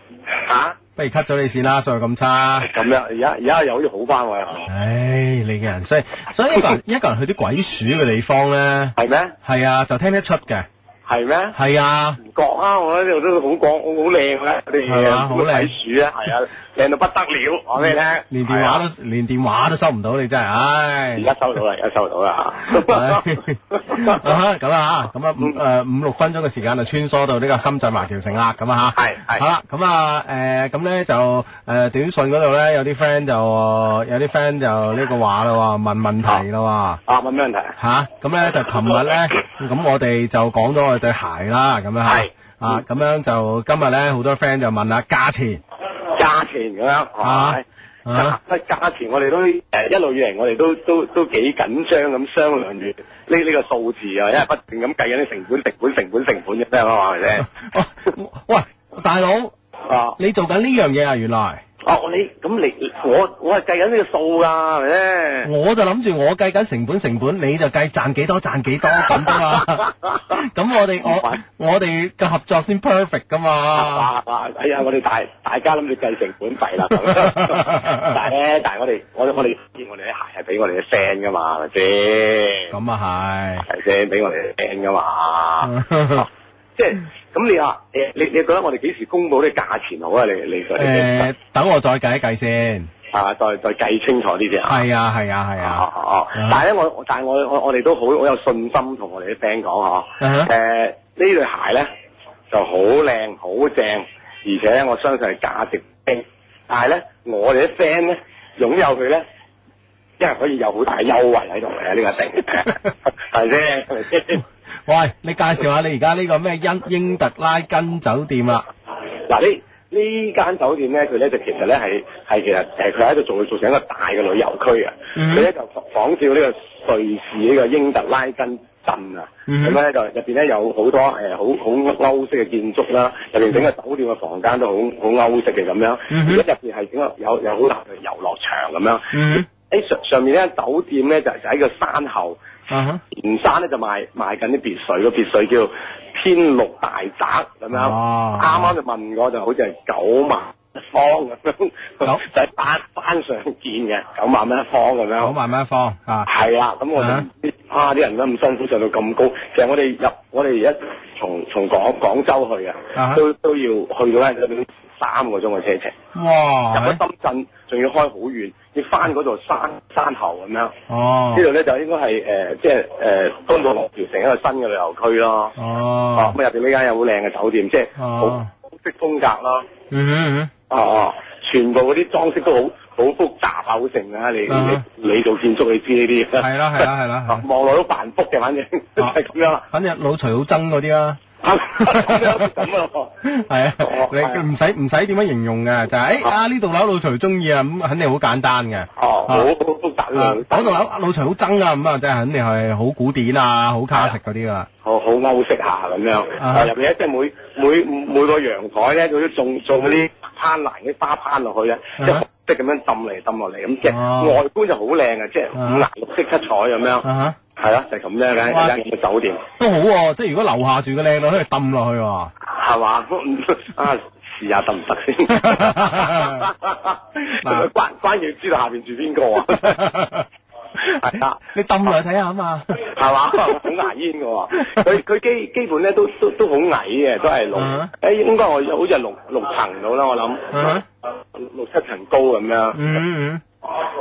啊？不如 cut 咗你先啦、哎，數學咁差。咁樣，而家而家又好翻喎。唉，你嘅人衰，所以一個人 [LAUGHS] 一個人去啲鬼鼠嘅地方咧，係咩嗎？係啊，就聽得出嘅。係咩嗎？係啊。廣啊！我呢度都好廣，好好靚嘅。我哋都睇樹啊，係啊，靚到不得了！講俾你聽，連電話都連電話都收唔到，你真係，唉！而家收到啦，而家收到啦。咁啊，咁啊，五誒五六分鐘嘅時間就穿梭到呢個深圳華僑城啦。咁啊，吓係係好啦。咁啊，誒，咁咧就誒短信嗰度咧有啲 friend 就有啲 friend 就呢個話啦，話問問題啦，話啊問咩問題吓？咁咧就琴日咧，咁我哋就講咗我對鞋啦，咁樣係。啊，咁樣就今日咧，好多 friend 就問下價錢，價錢咁樣，啊，啊，即係價錢我，我哋都誒一路以嚟，我哋都都都幾緊張咁商量住呢呢個數、這個、字啊，因為 [LAUGHS] 不斷咁計緊啲成本、成本、成本、成本咁樣，係咪先？喂，大佬， [LAUGHS] 你做緊呢樣嘢啊？原來。哦，你咁你我我係計緊呢個數噶，係咪先？我，我，我就諗住我計緊成，成本，成本你就計賺幾多賺幾多咁嘛。咁 [LAUGHS] 我哋我我哋嘅合作先 perfect 噶嘛？哇哇！係啊，我哋大大家諗住計成本費啦。但係咧，但係我哋我我哋我哋啲鞋係俾我哋啲 friend 噶嘛，咪先？咁啊係，啲 friend 俾我哋 friend 噶嘛。即係。咁你話，誒，你你覺得我哋幾時公佈啲價錢好啊？你你誒，呃、 [LAUGHS] 等我再計一計先，啊，再再計清楚啲先。係啊，係啊，係啊。哦、啊啊、但係咧，我但係我我哋都好好有信心同我哋啲 friend 講嗬。誒、啊，啊、呢對鞋咧就好靚好正，而且我相信係價值低。但係咧，我哋啲 friend 咧擁有佢咧，因為可以有好大優惠喺度嘅呢個定係先。 [LAUGHS] [LAUGHS] [LAUGHS] 喂，你介紹下你而家呢個咩英 [LAUGHS] 英，英特拉根酒店啦？嗱呢呢間酒店咧，佢咧就其實咧係係其實誒，佢喺度做做成一個大嘅旅遊區啊。佢咧、嗯、就仿照呢個瑞士呢個英特拉根鎮啊，咁咧就入邊咧有好多誒好好歐式嘅建築啦，入邊整個酒店嘅房間都好好歐式嘅咁樣。如果入邊係整個有有好大嘅遊樂場咁樣。喺上、嗯、上面呢間酒店咧就就喺個山後。嗯哼，uh huh. 連山咧就賣賣緊啲別墅，個別墅叫天麓大宅咁樣。哦、uh，啱啱就問我，就好似係九萬一方咁樣，uh huh. [LAUGHS] 就喺山山上建嘅，九萬蚊一方咁樣。九萬蚊一方、uh huh. 啊，係啦。咁我、uh huh. 啊啲人都咁辛苦，上到咁高。其實我哋入我哋而家從從廣廣州去啊，uh huh. 都都要去到咧都三個鐘嘅車程。哇、uh！Huh. 入去深圳仲要開好遠。你翻嗰座山山頭咁樣，呢度咧就應該係誒，即係誒、呃，東部龍橋城一個新嘅旅遊區咯。哦，咁入邊呢間有好靚嘅酒店，啊、即係好式風格咯。嗯哼嗯嗯、啊，哦全部嗰啲裝飾都好好複雜，好盛啊哈你！你你做建築你知呢啲。係啦係啦係啦，望落都扮複嘅，反正係咁樣。反正老才好憎嗰啲啦。咁 [LAUGHS] 啊，係 [LAUGHS] 啊，你唔使唔使點樣形容嘅，就係啊，呢棟樓老徐中意啊，咁肯定好簡單嘅，好好獨特嗰棟樓阿老徐好憎啊，咁啊即係肯定係好古典啊，好卡 l 嗰啲啊，好好歐式下咁樣。入邊咧即係每每每個陽台咧，佢都種種嗰啲攀蘭啲花攀落去啊，即係即係咁樣抌嚟抌落嚟咁，即係外觀就好靚啊，即係五顏六色七彩咁樣。係咯， [NOISE] 啊，就咁，是，啫，而家住酒店都好喎，啊，即係如果樓下住個靚女，可以抌落去喎，係嘛？啊，試、 [LAUGHS] 啊、下得唔得先？佢 [LAUGHS] [LAUGHS] [LAUGHS] 關關要知道下面住邊個啊？係啊，你抌落去睇下啊嘛，係嘛？好牙煙嘅，佢佢基基本咧都都都好矮嘅，都係，啊、六，誒，應該我好似係六六層到啦，我諗，六,六,六七層高咁樣。嗯嗯。 [LAUGHS] [NOISE] [NOISE]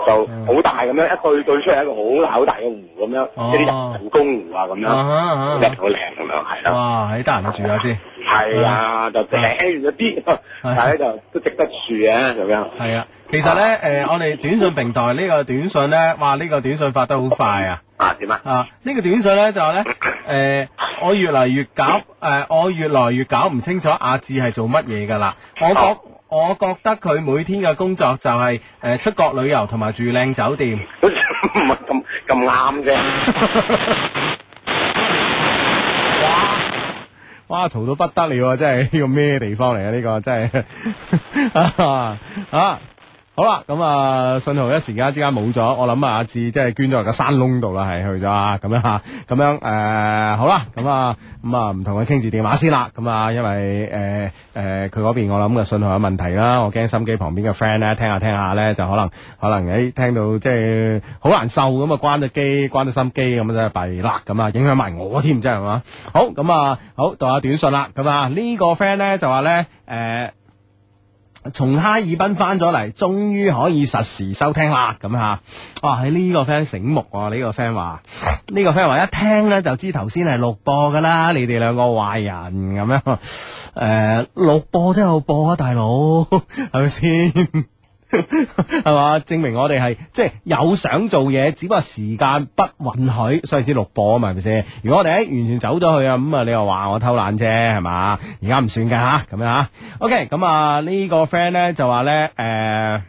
就好大咁樣，一對對出嚟一個好好大嘅湖咁樣，一啲人工湖啊咁樣，好靚咁樣，係啦。哇，你得閒住下先。係啊，就靚咗啲，但係咧就都值得住嘅咁樣。係啊，其實咧，誒，我哋短信平台呢個短信咧，哇，呢個短信發得好快啊。啊，點啊？啊，呢個短信咧就咧，誒，我越嚟越搞，誒，我越嚟越搞唔清楚阿志係做乜嘢噶啦。我講。我覺得佢每天嘅工作就係、是、誒、呃、出國旅遊同埋住靚酒店，唔係咁咁啱嘅， [LAUGHS] 哇！哇！嘈到不得了， [LAUGHS] 啊！真係呢個咩地方嚟啊？呢個真係啊！好啦，咁啊信號一時間之間冇咗，我諗阿志即係捐咗入個山窿度啦，係去咗啊，咁樣吓，咁樣誒，好啦、嗯，咁、嗯、啊，咁啊唔同佢傾住電話先啦，咁啊，因為誒誒佢嗰邊我諗個信號有問題啦，我驚心機旁邊嘅 friend 咧聽下、啊、聽下、啊、咧就可能可能誒聽到即係、就是 right、好難受咁啊關咗機關咗心機咁啊弊啦咁啊影響埋我添，真係嘛？好咁啊，好讀下短信啦，咁啊呢個 friend 咧就話咧誒。從哈爾濱翻咗嚟，終於可以實時收聽啦！咁啊，哇！呢個 friend 醒目啊，呢、這個 friend 話，呢、這個 friend 話一聽咧就知頭先係錄播噶啦，你哋兩個壞人咁樣，誒、呃，錄播都有播啊，大佬係咪先？ [LAUGHS] 係嘛？ [LAUGHS] 證明我哋係即係有想做嘢，只不過時間不允許，所以先錄播啊？嘛係咪先？如果我哋完全走咗去啊，咁、這、啊、個，你又話我偷懶啫？係、呃、嘛？而家唔算噶吓，咁樣吓。OK，咁啊呢個 friend 咧就話咧誒。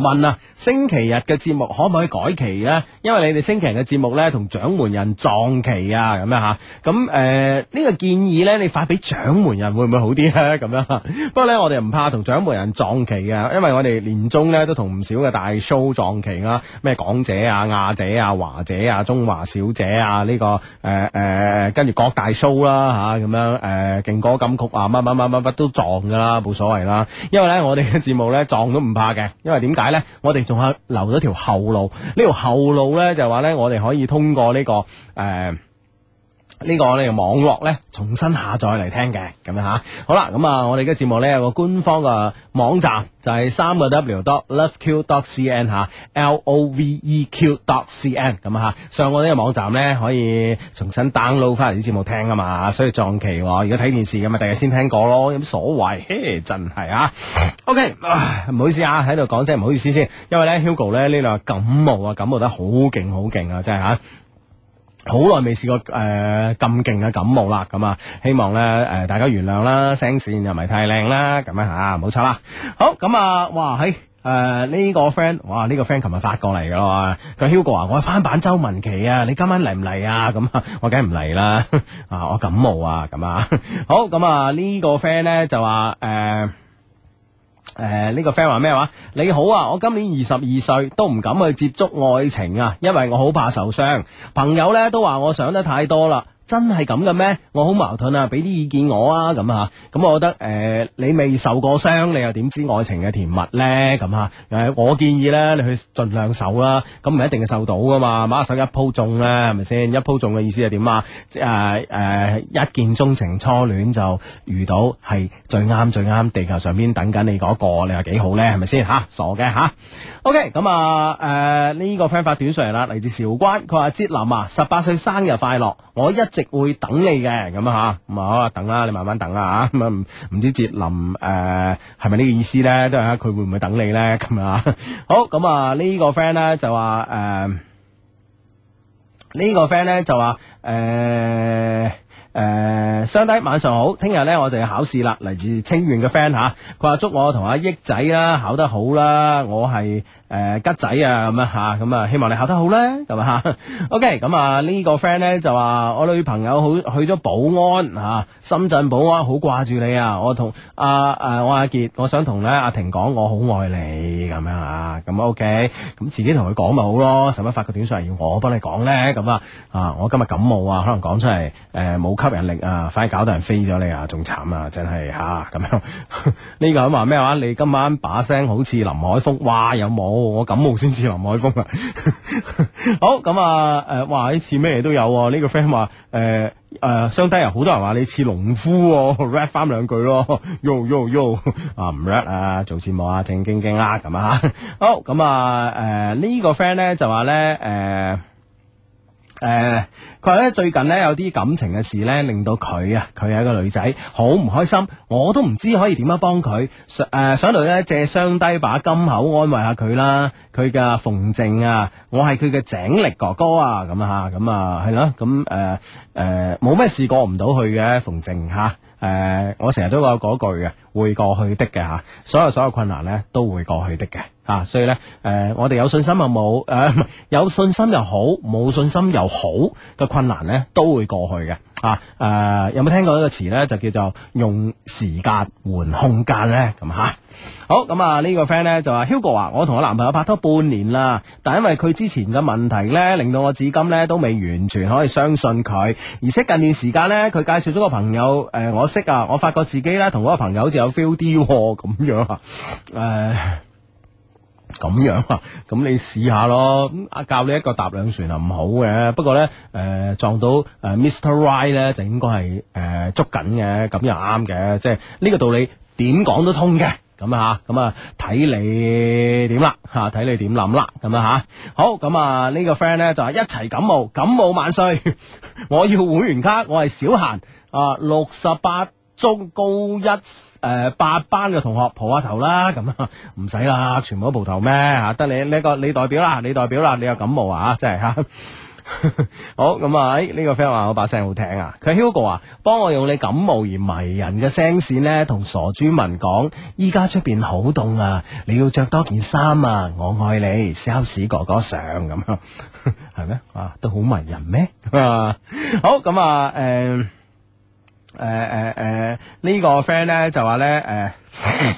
問啊，星期日嘅節目可唔可以改期咧？因為你哋星期日嘅節目呢，同掌門人撞期啊，咁樣吓。咁誒，呢、呃這個建議呢，你發俾掌門人會唔會好啲呢？咁樣。不過呢，我哋唔怕同掌門人撞期啊，因為我哋年終呢，都同唔少嘅大 show 撞期啊。咩港姐啊、亞姐啊、華姐啊、中華小姐啊，呢、這個誒誒、呃呃，跟住各大 show 啦、啊、吓，咁樣誒，勁、呃、歌金曲啊，乜乜乜乜乜都撞噶啦，冇所謂啦。因為呢，我哋嘅節目呢，撞都唔怕嘅，因為點解？我哋仲係留咗條後路。呢條後路咧，就係話咧，我哋可以通過呢、呢個誒。呃呢個我哋網絡咧重新下載嚟聽嘅，咁樣吓。好啦，咁啊，我哋嘅節目咧有個官方嘅網站，就係三個 w dot loveq dot cn 吓，l o v e q dot c n 咁啊吓。上我呢個網站咧可以重新 download 翻嚟啲節目聽啊嘛，所以撞期。如果睇電視嘅咪，第日先聽過咯，有乜所謂？嘿真係啊。OK，唔好意思啊，喺度講真唔好意思先，因為咧 Hugo 咧呢度感冒啊，感冒得好勁好勁啊，真係啊。好耐未試過誒咁勁嘅感冒啦，咁啊希望咧誒、呃、大家原諒啦，聲線又唔係太靚啦，咁樣吓冇錯啦。好咁啊，哇喺誒呢個 friend，哇呢、這個 friend 琴日發過嚟㗎啦，佢囂哥啊，Hugo, 我翻版周文琪啊，你今晚嚟唔嚟啊？咁啊，我梗係唔嚟啦，啊我感冒啊，咁啊，好咁啊呢、這個 friend 咧就話誒。呃誒，呢個 friend 話咩話？你好啊，我今年二十二歲，都唔敢去接觸愛情啊，因為我好怕受傷。朋友呢都話我想得太多啦。真係咁嘅咩？我好矛盾啊！俾啲意見我啊，咁啊，咁我覺得誒、呃，你未受過傷，你又點知愛情嘅甜蜜呢？咁啊，誒、啊，我建議呢，你去盡量受啦、啊。咁唔一定係受到噶嘛，馬手一鋪中咧，係咪先？一鋪中嘅意思係點啊？即係誒、呃，一見鐘情初戀就遇到係最啱最啱地球上邊等緊你嗰、那個，你話幾好呢？係咪先吓傻嘅吓？O K，咁啊，誒，呢個 friend 發短信嚟啦，嚟自韶關，佢話：哲林啊，十八歲生日快樂，我一直會等你嘅，咁啊吓，咁啊，等啦，你慢慢等啦啊，咁啊，唔唔知哲林誒係咪呢個意思咧？都係佢會唔會等你咧？咁啊，好，咁啊，呢個 friend 咧就話，誒，呢個 friend 咧就話，誒。誒，雙、呃、低晚上好，聽日咧我就要考試啦。嚟自清遠嘅 friend 吓，佢、啊、話祝我同阿益仔啦考得好啦，我係。誒、euh、吉仔啊咁啊嚇，咁啊希望你考得好啦，咁啊 OK 咁啊、這個、呢個 friend 咧就話我女朋友好去咗保安嚇、啊，深圳保安好掛住你啊！我同阿誒、啊呃、我阿杰我想同咧阿婷講我好愛你咁樣啊，咁、嗯、OK，咁、嗯、自己同佢講咪好咯，使、啊、乜發個短信要我幫你講咧？咁啊啊，啊，我今日感冒啊，可能講出嚟誒冇吸引力啊，快搞到人飛咗你啊，仲慘啊，真係吓，咁、啊啊、樣呢、 [LAUGHS] 這個咁話咩話你今晚把聲好似林海峯哇，呃、有冇？哦、我感冒先至林海峰啊， [LAUGHS] 啊！好咁啊，誒，哇，呢次咩都有呢、啊這個 friend 話，誒、呃、誒、雙、呃、低人、啊、好多人話你似農夫、哦，rap 翻兩句咯，喲喲喲，啊唔 rap 啊，做節目啊正經經啦，咁啊，啊 [LAUGHS] 好咁啊，誒、呃，這個、呢個 friend 咧就話咧，誒、呃。誒，佢話咧最近咧有啲感情嘅事咧，令到佢啊，佢係一個女仔，好唔開心。我都唔知可以點樣幫佢，想誒、呃，想嚟咧借雙低把金口安慰下佢啦。佢嘅馮靜啊，我係佢嘅井力哥哥、呃呃、啊，咁啊，咁啊，係咯，咁誒誒，冇咩事過唔到去嘅馮靜吓，誒，我成日都講嗰句嘅，會過去的嘅吓，所有所有困難呢，都會過去的嘅。啊，所以咧，誒、呃，我哋有信心又冇，誒、呃，有信心又好，冇信心又好嘅困難咧，都會過去嘅。啊，誒、啊，有冇聽過一個詞呢？就叫做用時間換空間呢。咁、啊、吓，好，咁、嗯、啊，呢、這個 friend 呢，就話，Hugo 啊，話，我同我男朋友拍拖半年啦，但因為佢之前嘅問題呢，令到我至今呢都未完全可以相信佢，而且近年時間呢，佢介紹咗個朋友，誒、呃，我識啊，我發覺自己呢，同嗰個朋友好似有 feel 啲咁、哦、樣啊，誒、嗯。啊咁樣啊，咁你試下咯，咁啊教你一個搭兩船啊唔好嘅，不過咧，誒撞到誒 Mr. Right 咧就應該係誒捉緊嘅，咁又啱嘅，即係呢個道理點講都通嘅，咁啊吓，咁啊睇你點啦吓，睇你點諗啦，咁啊吓，好，咁啊呢個 friend 咧就係一齊感冒，感冒萬歲，我要會員卡，我係小嫻啊，六十八。中高一誒、呃、八班嘅同學抱下頭啦，咁啊唔使啦，全部都抱頭咩吓？得你呢個你代表啦，你代表啦，你有感冒啊？真係吓，好咁啊！呢、 [LAUGHS] 這個 friend 話我把聲好聽啊，佢 Hugo 啊，幫我用你感冒而迷人嘅聲線咧，同傻豬文講：依家出邊好凍啊，你要着多件衫啊！我愛你，sales 哥哥上咁啊，係咩啊？都好迷人咩？ [LAUGHS] 好咁啊，誒、欸。誒誒誒，呢個 friend 咧就話咧誒，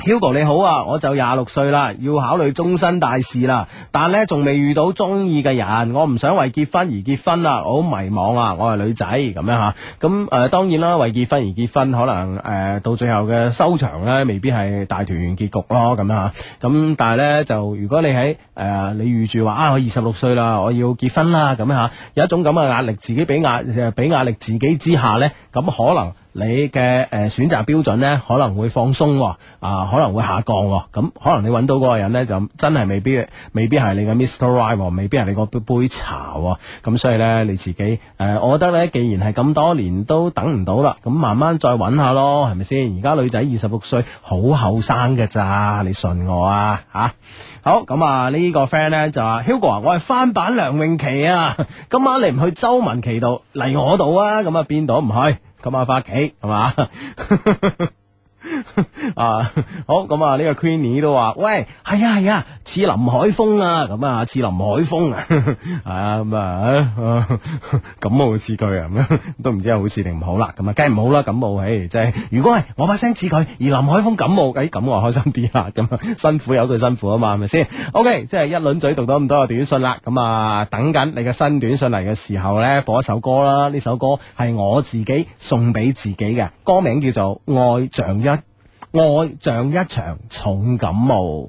Hugo 你好啊，我就廿六歲啦，要考慮終身大事啦，但呢，仲未遇到中意嘅人，我唔想為結婚而結婚啦，我好迷惘啊！我係女仔咁樣吓、啊，咁誒、呃、當然啦，為結婚而結婚，可能誒、呃、到最後嘅收場呢，未必係大團圓結局咯，咁樣吓、啊，咁但係呢，就如果你喺誒、呃、你預住話啊我二十六歲啦，我要結婚啦，咁樣吓、啊，有一種咁嘅壓力，自己俾壓俾壓力自己之下呢，咁可能。你嘅誒選擇標準咧可能會放鬆，啊可能會下降，咁可能你揾到嗰個人呢，就真係未必未必係你嘅 Mr. Right，未必係你個杯杯茶，咁所以呢，你自己誒，我覺得呢，既然係咁多年都等唔到啦，咁慢慢再揾下咯，係咪先？而家女仔二十六歲，好後生㗎咋，你信我啊嚇？好，咁啊，呢個 friend 呢，就話 Hugo，我係翻版梁詠琪啊，今晚你唔去周文琪度嚟我度啊，咁啊邊度唔去？今晚翻屋企，係嘛？ [LAUGHS] [LAUGHS] 啊，好咁啊！呢、這個 Queenie 都話，喂，係啊係啊，似林海峰啊，咁啊似林海峰啊，係啊咁啊，啊，感冒似佢啊，啊，啊，啊，都唔知係好似定唔好啦。咁啊，梗係唔好啦，感冒，唉，真係。如果係我把聲似佢，而林海峰感冒，哎，咁我開心啲啊，咁啊，辛苦有佢辛苦啊嘛，係咪先？OK，即係一輪嘴讀到咁多嘅短信啦，咁、嗯、啊，等緊你嘅新短信嚟嘅時候咧，播一首歌啦。呢首歌係我自己送俾自己嘅，歌名叫做《愛像一》。愛像一場重感冒。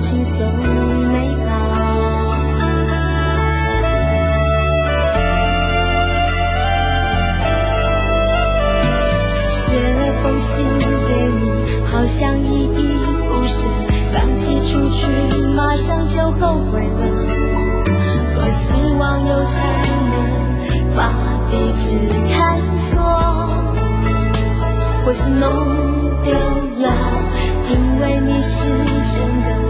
輕鬆美好。寫了封信給你，好像依依不捨，剛寄出去馬上就後悔了。多希望郵差能把地址看錯，或是弄丟了，因為你是真的。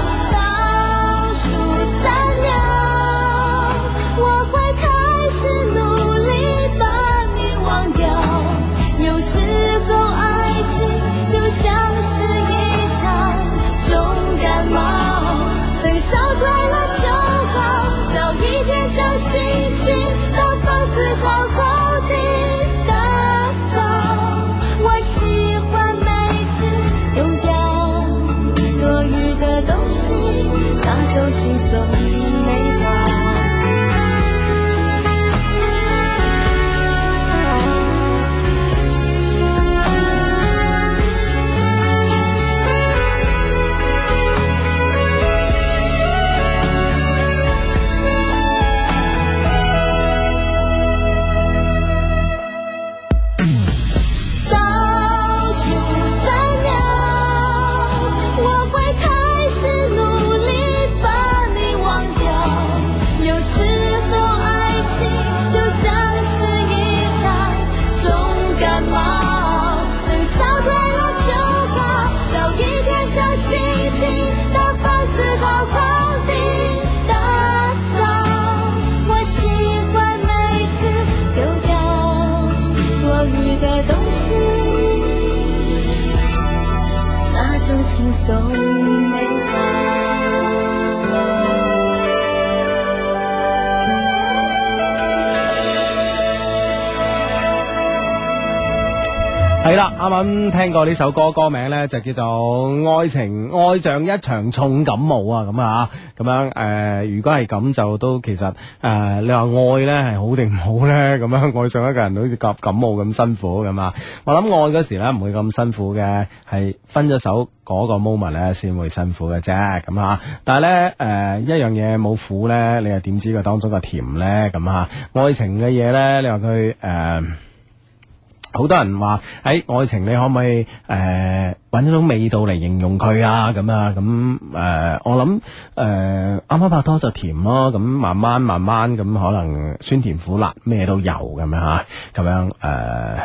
感冒，能消退了就好。找一天將心情的房子好好的打掃。我喜歡每次丟掉多餘的東西，那種輕鬆美好。係啦，啱啱聽過呢首歌，歌名呢就叫做《愛情愛像一場重感冒》啊，咁啊，咁樣誒，如果係咁就都其實誒、呃，你話愛呢係好定唔好呢？咁樣愛上一個人好似感感冒咁辛苦咁啊！我諗愛嗰時呢唔會咁辛苦嘅，係分咗手嗰個 moment 呢先會辛苦嘅啫。咁啊，但係呢誒、呃，一樣嘢冇苦呢，你又點知佢當中個甜呢？咁啊，愛情嘅嘢呢，你話佢誒。呃好多人話喺、哎、愛情，你可唔可以誒，揾、呃、一種味道嚟形容佢啊？咁啊，咁、呃、誒，我諗誒，啱啱拍拖就甜咯，咁慢慢慢慢咁，可能酸甜苦辣咩都有咁樣吓，咁樣誒、呃、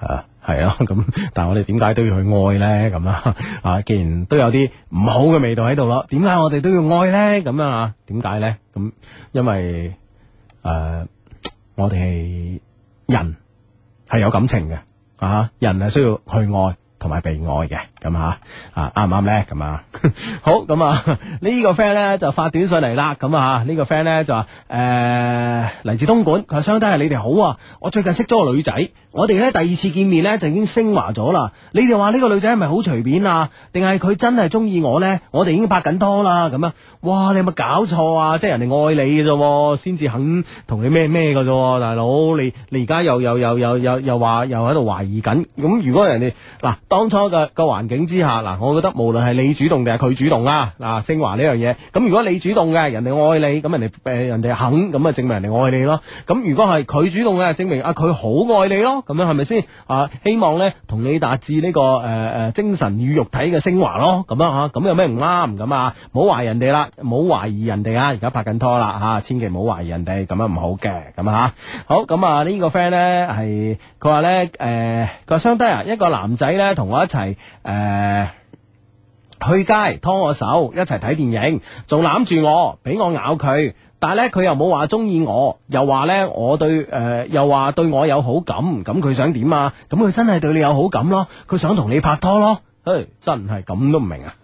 啊，係啊，咁但係我哋點解都要去愛咧？咁啊啊，既然都有啲唔好嘅味道喺度咯，點解我哋都要愛咧？咁樣啊，點解咧？咁因為誒、呃，我哋係人。係有感情嘅，啊，人係需要去愛同埋被愛嘅。咁吓，啊啱唔啱咧？咁啊，好咁啊，呢個 friend 咧就發短信嚟啦。咁啊，呢、這個 friend 咧就話，誒、欸、嚟自東莞，佢話相低係你哋好啊。我最近識咗個女仔，我哋咧第二次見面咧就已經升華咗啦。你哋話呢個女仔係咪好隨便啊？定係佢真係中意我咧？我哋已經拍緊拖啦。咁啊，哇！你有冇搞錯啊？即係人哋愛你嘅啫，先至肯同你咩咩嘅啫，大佬。你你而家又又又又又又話又喺度懷疑緊。咁如果人哋嗱、啊、當初嘅個環，境之下嗱，我覺得無論係你主動定係佢主動啊，嗱、啊、升華呢樣嘢。咁、啊、如果你主動嘅，人哋愛你，咁人哋、呃、人哋肯，咁啊證明人哋愛你咯。咁、啊、如果係佢主動嘅，證明啊佢好愛你咯。咁樣係咪先啊？希望咧同你達至呢、呢個誒誒、呃、精神與肉體嘅升華咯。咁樣嚇，咁有咩唔啱咁啊？唔好懷人哋啦，唔好、啊、懷疑人哋啊。而家拍緊拖啦嚇、啊，千祈唔好懷疑人哋，咁樣唔好嘅。咁嚇、啊、好。咁啊呢個 friend 咧係佢話咧誒個相低啊，啊這個呃、對一個男仔咧同我一齊誒。呃誒、呃，去街拖我手，一齊睇電影，仲攬住我，俾我咬佢。但係呢，佢又冇話中意我，又話呢我對誒、呃，又話對我有好感。咁佢想點啊？咁佢真係對你有好感咯，佢想同你拍拖咯。嘿，真係咁都唔明啊！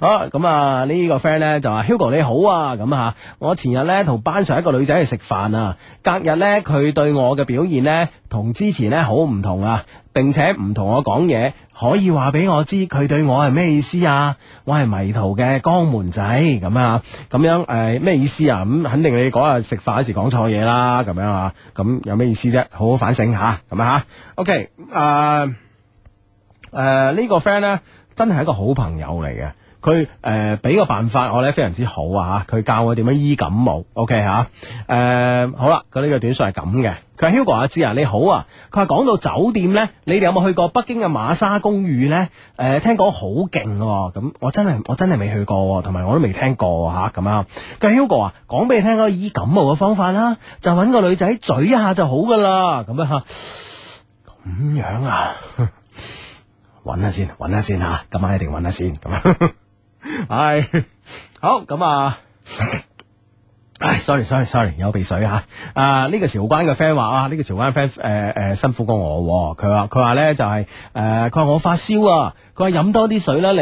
好咁 [LAUGHS] 啊，呢、啊這個 friend 呢，就話 Hugo 你好啊，咁吓、啊，我前日呢，同班上一個女仔去食飯啊，隔日呢，佢對我嘅表現呢，同之前呢，好唔同啊，並且唔同我講嘢。可以話俾我知佢對我係咩意思啊？我係迷途嘅江門仔咁啊，咁樣誒咩、呃、意思啊？咁肯定你嗰日食飯嗰時講錯嘢啦，咁樣啊？咁、啊、有咩意思啫、啊？好好反省吓、啊，咁啊？OK，誒誒呢個 friend 呢，真係一個好朋友嚟嘅。佢誒，俾、呃、個辦法我咧非常之好啊吓，佢教我點樣醫感冒，OK 吓？誒、呃，好啦，佢呢個短信係咁嘅，佢話 Hugo 阿姐啊，你好啊，佢話講到酒店咧，你哋有冇去過北京嘅瑪沙公寓咧？誒、呃，聽講好勁喎，咁、嗯、我真係我真係未去過，同埋我都未聽過吓，咁啊？佢咁 Hugo 啊，講俾你聽個醫感冒嘅方法啦，就搵個女仔嘴一下就好噶啦，咁啊吓？咁樣啊？搵 [NOISE] 下先，搵下先吓、啊，今晚一定搵下先咁 [LAUGHS] 唉，好咁啊！唉，sorry，sorry，sorry，Sorry，有鼻水吓。啊，呢個韶關嘅 friend 話啊，呢個韶關 friend 誒誒，辛苦過我。佢話佢話咧就係，誒，佢話我發燒啊。佢話飲多啲水啦，你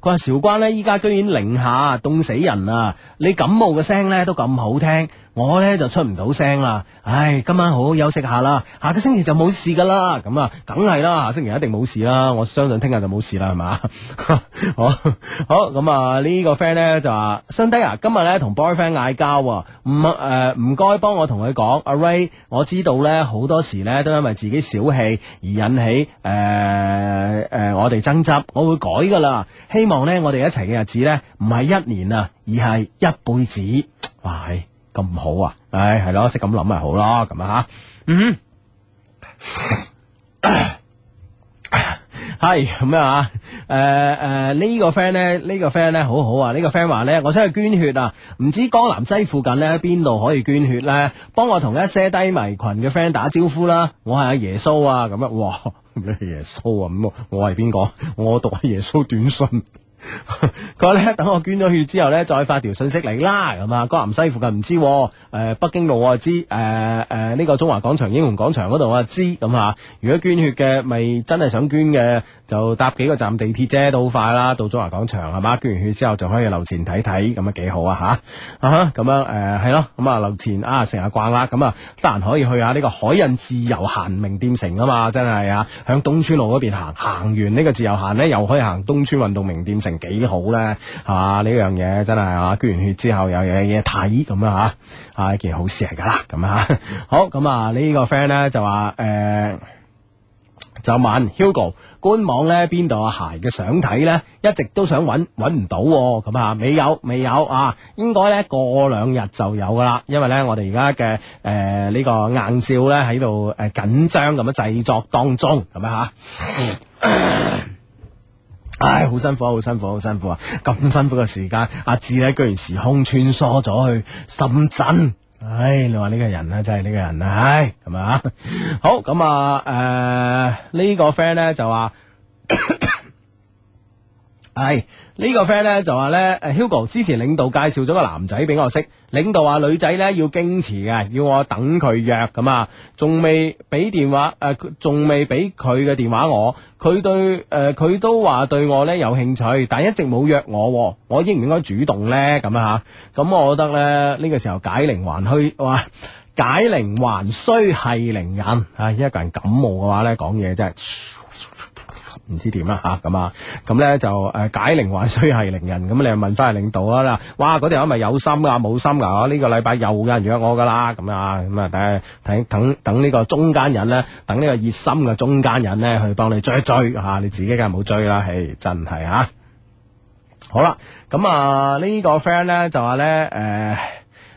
佢話韶關咧依家居然零下，凍死人啊！你感冒嘅聲咧都咁好聽，我咧就出唔到聲啦。唉，今晚好好休息下啦，下個星期就冇事噶啦。咁啊，梗係啦，下星期一定冇事啦。我相信聽日就冇事啦，係嘛？ [LAUGHS] 好好咁啊，這個、呢個 friend 咧就話 Shandra 今日咧同 boyfriend 嗌交啊，唔誒唔該幫我同佢講，阿、啊、Ray 我知道咧好多時咧都因為自己小氣而引起誒誒、呃呃呃、我哋爭執。我會改噶啦，希望呢我哋一齊嘅日子呢，唔係一年啊，而係一輩子。哇，咁好啊，唉，係咯，即咁諗咪好咯，咁啊吓，嗯，係咁 [COUGHS] 樣啊，誒誒呢個 friend 呢，呢、呢個 friend 呢，好好啊，呢、呢個 friend 話呢，我想去捐血啊，唔知江南西附近呢，邊度可以捐血呢？幫我同一些低迷群嘅 friend 打招呼啦，啊，我係阿、啊、耶穌啊，咁樣啊，哇！咩 [LAUGHS] 耶穌啊？咁我係邊個？我讀下耶穌短信。 [LAUGHS] 佢話咧，等我捐咗血之後呢，再發條信息嚟啦。咁啊，江南西附近唔知、啊，誒、呃，北京路我知，誒、呃、誒，呢、呃呢個中華廣場、英雄廣場嗰度我知。咁啊，如果捐血嘅，咪真係想捐嘅，就搭幾個站地鐵啫，都好快啦，到中華廣場係嘛？捐完血之後，仲可以樓前睇睇，咁啊幾好啊吓。啊，咁樣誒，係、呃、咯，咁啊樓前啊成日逛啦，咁啊得閒可以去下、啊、呢、呢個海印自由行名店城啊嘛，真係啊，響東川路嗰邊行，行完呢個自由行呢，又可以行東川運動名店城。幾好咧，係呢樣嘢真係啊！捐、啊、完血之後又有嘢睇咁啊，係、啊、一件好事嚟噶啦。咁啊，好咁啊，這個、呢個 friend 咧就話誒、呃，就問、嗯、Hugo 官網咧邊度阿鞋嘅相睇咧，一直都想揾，揾唔到、啊，咁啊，啊，未有未有啊，應該咧過兩日就有噶啦，因為咧我哋而家嘅誒呢個硬照咧喺度誒緊張咁樣製作當中，係咪啊？唉，好辛苦，好辛苦，好辛苦啊！咁辛苦嘅時間，阿志呢，居然時空穿梭咗去深圳。唉，你話呢個人啊，真係呢個人啊，係咪啊？好咁啊，誒、呃，呢、這個 friend 呢，就話， [COUGHS] 唉。呢個 friend 呢就話呢，誒 Hugo 之前領導介紹咗個男仔俾我識，領導話女仔呢要矜持嘅，要我等佢約咁啊，仲未俾電話，誒、呃、仲未俾佢嘅電話我，佢對誒佢、呃、都話對我呢有興趣，但一直冇約我，我應唔應該主動呢？咁啊，咁我覺得呢、呢、呢個時候解鈴還虛，哇！解鈴還需繫鈴人啊！一個人感冒嘅話呢，講嘢真係。唔知點啦吓，咁啊，咁咧、啊、就誒解鈴還需繫鈴人，咁你又問翻係領導啊啦，哇嗰條友咪有心噶，冇心噶、啊，呢、這個禮拜又有人約我噶啦，咁啊，咁啊，等睇等等呢個中間人咧，等個熱呢個熱心嘅中間人咧去幫你追一追吓、啊，你自己梗係冇追啦，係真係吓、啊，好啦，咁啊、這個、呢，呢、呃這個 friend 咧就話咧，誒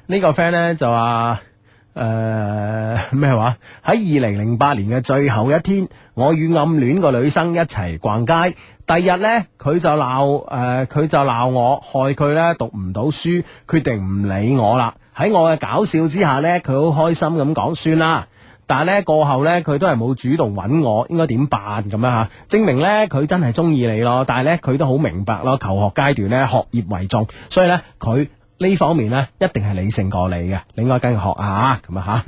呢個 friend 咧就話。誒咩話？喺二零零八年嘅最後一天，我與暗戀個女生一齊逛街。第二日呢，佢就鬧誒，佢、呃、就鬧我害佢呢，讀唔到書，決定唔理我啦。喺我嘅搞笑之下呢，佢好開心咁講算啦。但係咧過後咧，佢都係冇主動揾我，應該點辦咁樣吓？證明呢，佢真係中意你咯。但係呢，佢都好明白咯，求學階段呢，學業為重，所以呢，佢。呢方面咧，一定係理性過你嘅，你應該跟佢學下。咁啊吓。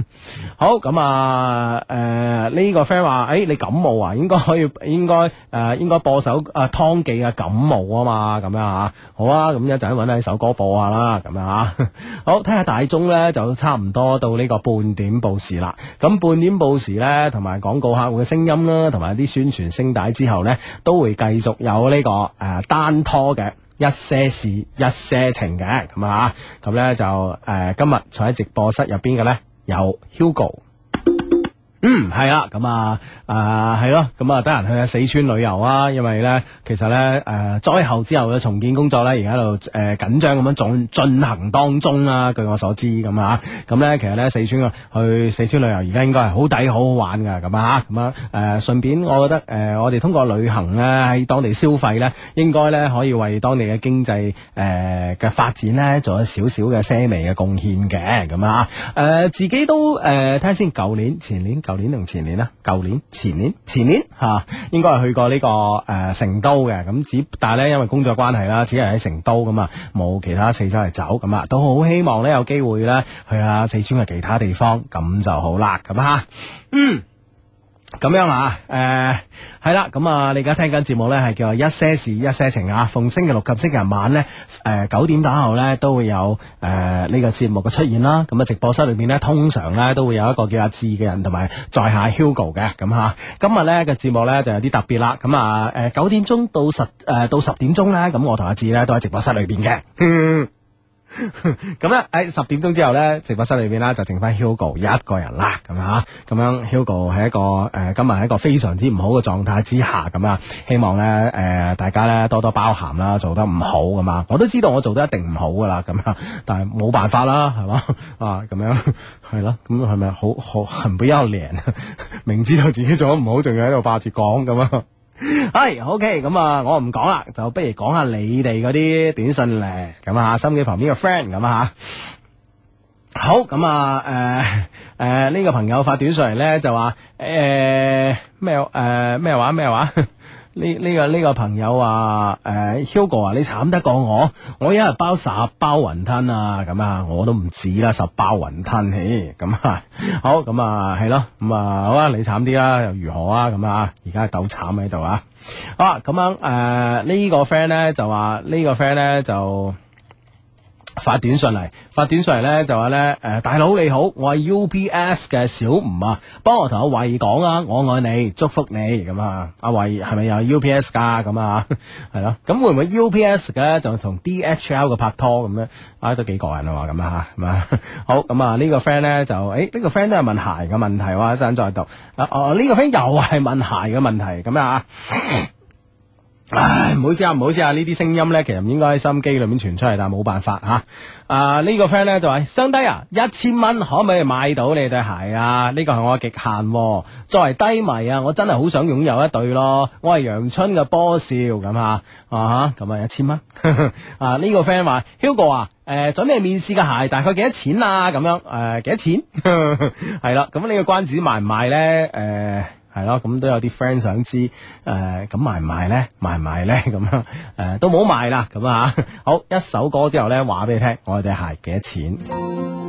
好，咁啊，誒、呃、呢、這個 friend 話，誒、哎、你感冒啊，應該可以，應該誒、呃、應該播首誒、啊、湯記嘅感冒啊嘛，咁樣吓。好啊，咁一陣揾啲首歌播下啦，咁樣吓。好，睇下大鐘呢就差唔多到呢個半點報時啦。咁半點報時呢，同埋廣告客戶嘅聲音啦，同埋啲宣傳聲帶之後呢，都會繼續有呢、這個誒、呃、單拖嘅。一些事，一些情嘅咁啊，咁咧就誒、呃、今日坐喺直播室入邊嘅咧有 Hugo。嗯，係啦，咁、嗯、啊，誒、嗯，係、嗯、咯，咁、嗯、啊，得閒去下四川旅遊啊，嗯嗯嗯、are, 因為咧，其實咧，誒、呃，災後之後嘅重建工作咧，而家喺度誒緊張咁樣進進行當中啦。據我所知，咁啊、嗯，咁咧，其實咧，四川啊去四川旅遊而家應該係好抵，好好玩噶，咁啊，咁啊，誒，順便我覺得，誒、呃，我哋通過旅行咧，喺當地消費咧，應該咧可以為當地嘅經濟誒嘅發展咧，做一少少嘅些微嘅貢獻嘅，咁、嗯、啊，誒、uh,，自己都誒，聽、呃、先，舊年、前年。that 舊年定前年啊？舊年、前年、前年吓、啊，應該係去過呢、這個誒、呃、成都嘅，咁只但係咧因為工作關係啦，只係喺成都咁啊，冇其他四周嚟走咁啊，都好希望咧有機會咧去下、啊、四川嘅其他地方，咁就好啦，咁啊，嗯。咁樣啊，誒、呃，係啦，咁啊，你而家聽緊節目呢，係叫《一些事一些情》啊，逢星期六及星期日晚呢，誒、呃，九點打後呢，都會有誒呢、呃這個節目嘅出現啦、啊。咁、嗯、啊，直播室裏邊呢，通常呢，都會有一個叫阿志嘅人同埋在下 Hugo 嘅，咁吓、啊。今日呢嘅節、這個、目呢，就有啲特別啦。咁、嗯、啊，誒、呃，九點鐘到十誒、呃、到十點鐘呢，咁我同阿志呢，都喺直播室裏邊嘅。嗯咁咧，喺、 [LAUGHS] 哎、十點鐘之後咧，直播室裏邊啦，就剩翻 Hugo 一個人啦，咁啊，咁樣 Hugo 喺一個誒、呃，今日係一個非常之唔好嘅狀態之下，咁啊，希望咧誒、呃，大家咧多多包涵啦，做得唔好噶嘛，我都知道我做得一定唔好噶啦，咁啊，但係冇辦法啦，係嘛啊，咁樣係咯，咁係咪好好很不優良？ [LAUGHS] 明知道自己做得唔好，仲要喺度霸住講咁啊？係，OK，咁啊，我唔講啦，就不如講下你哋嗰啲短信咧。咁啊，心機旁邊個 friend 咁啊，吓，好，咁啊，誒誒，呢個朋友發短信嚟咧，就話誒咩誒咩話咩話？呢呢、這個呢、這個朋友話，誒、呃、Hugo 話你慘得過我，我一日包十包雲吞啊，咁啊，我都唔止啦，十包雲吞，起，咁啊，好，咁啊，係咯，咁、嗯、啊，好啊，你慘啲啦，啊，又如何啊？咁啊，而家鬥慘喺度啊，好啦，啊，咁樣誒呢個 friend 咧就話呢、這個 friend 咧就。發短信嚟，發短信嚟咧就話咧，誒、呃、大佬你好，我係 U P S 嘅小吳啊，幫我同阿偉講啊，我愛你，祝福你咁啊，阿偉係咪有 U P S 噶？咁啊，係咯、啊，咁、嗯、會唔會 U P S 咧就同 D H L 個拍拖咁咧、啊，啊都幾過癮啊嘛，咁啊吓，咁啊好，咁啊呢、這個 friend 咧就誒呢、欸這個 friend 都係問鞋嘅問題，我一陣再讀，啊哦呢個 friend 又係問鞋嘅問題，咁啊。 [COUGHS] 唉，唔好意思啊，唔好意思啊，呢啲聲音咧，其實唔應該喺收音機裏面傳出嚟，但係冇辦法吓。啊，呢、啊這個 friend 咧就話，雙低啊，一千蚊可唔可以買到你對鞋啊？呢個係我極限、啊。作為低迷啊，我真係好想擁有一對咯。我係楊春嘅波少咁吓、啊，啊，咁啊一千蚊。 [LAUGHS] 啊，呢、這個 friend 話，Hugo 啊，誒、呃，準備面試嘅鞋大概幾多錢啊？咁樣，誒、呃，幾多錢？係 [LAUGHS] 啦，咁呢個關子賣唔賣咧？誒、呃？係咯，咁都有啲 friend 想知，誒，咁賣唔賣咧？賣唔賣咧？咁樣，誒、呃，都冇好賣啦，咁啊，好一首歌之後咧，話俾你聽，我哋鞋幾多錢？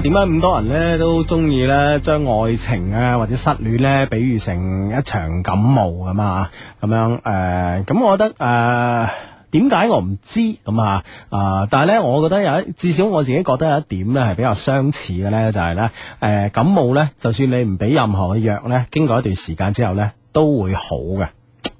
點解咁多人咧都中意咧將愛情咧、啊、或者失戀咧比喻成一場感冒咁啊？咁樣誒，咁、呃、我覺得誒，點、呃、解我唔知咁啊？啊、呃，但係咧，我覺得有一，至少我自己覺得有一點咧係比較相似嘅咧，就係、是、咧，誒、呃，感冒咧，就算你唔俾任何嘅藥咧，經過一段時間之後咧，都會好嘅，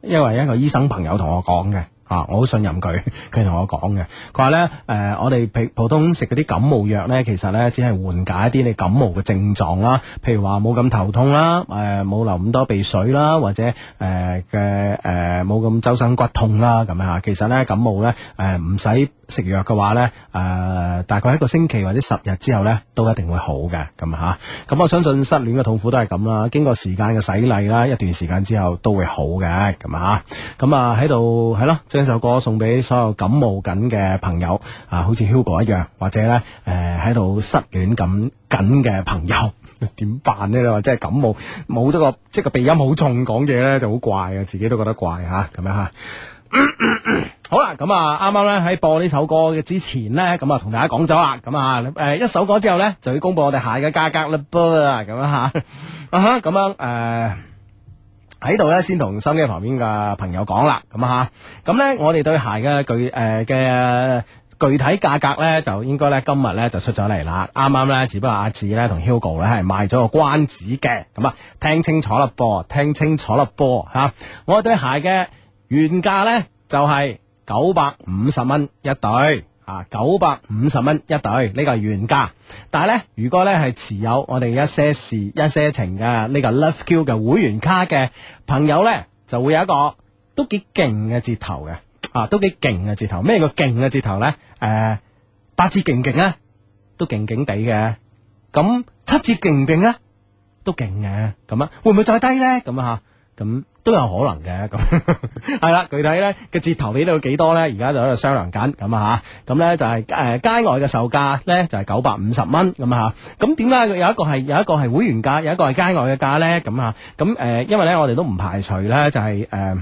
因為一個醫生朋友同我講嘅。啊！我好信任佢，佢 [LAUGHS] 同我講嘅，佢話咧，誒、呃，我哋平普通食嗰啲感冒藥咧，其實咧只係緩解一啲你感冒嘅症狀啦，譬如話冇咁頭痛啦，誒、呃，冇流咁多鼻水啦，或者誒嘅誒冇咁周身骨痛啦，咁樣吓。其實咧感冒咧，誒、呃，唔使食藥嘅話咧，誒、呃，大概一個星期或者十日之後咧，都一定會好嘅，咁吓。咁我相信失戀嘅痛苦都係咁啦，經過時間嘅洗禮啦，一段時間之後都會好嘅，咁啊吓。咁啊喺度係咯。 [LAUGHS] [LAUGHS] 呢首歌送俾所有感冒緊嘅朋友啊，好似 Hugo 一樣，或者咧誒喺度失戀緊緊嘅朋友，點辦呢？你話真係感冒，冇得個，即係個鼻音好重，講嘢咧就好怪啊，自己都覺得怪吓，咁樣吓。 [COUGHS] [COUGHS] 好啦，咁啊，啱啱咧喺播呢首歌嘅之前呢，咁啊同大家講咗啦，咁啊誒一首歌之後呢，就要公布我哋下一個嘅價格啦，咁樣吓，啊哈，咁樣誒。啊喺度咧，先同收音機旁邊嘅朋友講啦，咁吓，咁咧我哋對鞋嘅具誒嘅具體價格咧就應該咧今日咧就出咗嚟啦，啱啱咧只不過阿志咧同 Hugo 咧係賣咗個關子嘅，咁啊聽清楚啦噃，聽清楚啦噃。吓、啊，我對鞋嘅原價咧就係九百五十蚊一對。啊，九百五十蚊一對，呢個係原價。但係咧，如果咧係持有我哋一些事、一些情嘅呢個 Love Q 嘅會員卡嘅朋友咧，就會有一個都幾勁嘅折頭嘅，啊，都幾勁嘅折頭。咩叫勁嘅折頭咧？誒、呃，八折勁勁啊，都勁勁地嘅。咁七折勁唔勁咧？都勁嘅。咁啊，會唔會再低咧？咁啊吓，咁。嗯都有可能嘅，咁係啦。具體咧個折頭俾到幾多咧？而家就喺度商量緊咁啊吓。咁咧就係誒街外嘅售價咧就係九百五十蚊咁啊。咁點解有一個係有一個係會員價，有一個係街外嘅價咧？咁啊，咁誒，因為咧我哋都唔排除咧，就係誒。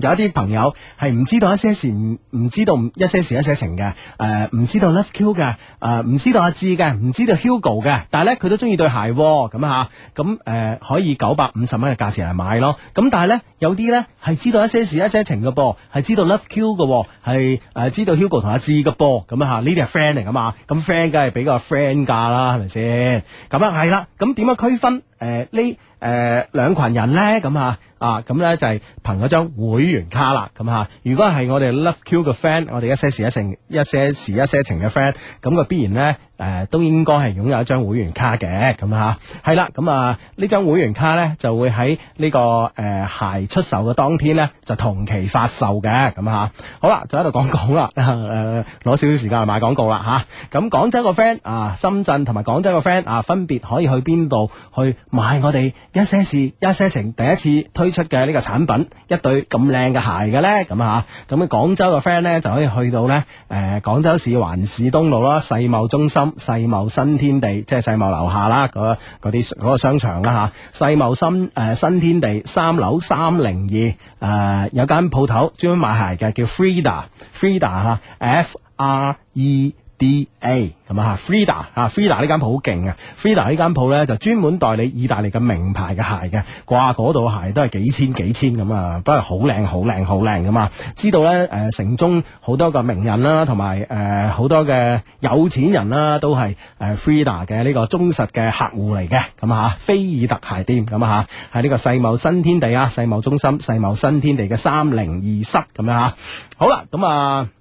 有啲朋友係唔知道一些事，唔知道一些事，一些，事一些情嘅，誒、呃、唔知道 Love Q 嘅，誒、呃、唔知道阿志嘅，唔知道 Hugo 嘅，但係咧佢都中意對鞋喎、啊，咁啊嚇，咁、嗯、誒、呃、可以九百五十蚊嘅價錢嚟買咯，咁但係咧有啲咧係知道一些事一些情嘅噃，係知道 Love Q 嘅，係誒、呃、知道 Hugo 同阿志嘅噃，咁啊呢啲係 friend 嚟㗎嘛，咁 friend 梗係俾個 friend 價啦，係咪先？咁啊係啦，咁點樣區分？誒，呢誒、呃呃、兩群人咧，咁吓啊，咁、啊、咧就係憑嗰張會員卡啦，咁吓、啊，如果係我哋 Love Q 嘅 friend，我哋一些事一些情一些事一些情嘅 friend，咁佢必然咧。誒、呃、都應該係擁有一張會員卡嘅，咁啊，係、嗯、啦，咁啊呢張會員卡呢，就會喺呢、這個誒、呃、鞋出售嘅當天呢，就同期發售嘅，咁啊，好啦，就喺度講講啦，誒攞少少時間嚟買廣告啦，嚇，咁廣州個 friend 啊，深圳同埋廣州個 friend 啊，分別可以去邊度去買我哋一些事一些情第一次推出嘅呢個產品一對咁靚嘅鞋嘅呢。咁啊，咁廣州個 friend 呢，就可以去到呢誒廣州市環市東路咯，世貿中心。世貿新天地，即係世貿樓下啦，嗰嗰啲嗰個商場啦吓。世貿新誒、呃、新天地三樓三零二誒有間鋪頭專門賣鞋嘅，叫 Frida Frida 吓、啊，F R E。D A 咁啊嚇，Frida 嚇，Frida 呢間鋪好勁啊。Frida 呢間鋪咧就專門代理意大利嘅名牌嘅鞋嘅，掛嗰度鞋都係幾千幾千咁啊，都係好靚好靚好靚噶啊。知道咧誒、呃，城中好多嘅名人啦，同埋誒好多嘅有錢人啦，都係誒、呃、Frida 嘅呢個忠實嘅客戶嚟嘅，咁啊嚇，菲爾特鞋店咁啊嚇，喺呢個世貿新天地啊，世貿中心、世貿新天地嘅三零二室咁樣嚇。好啦，咁啊～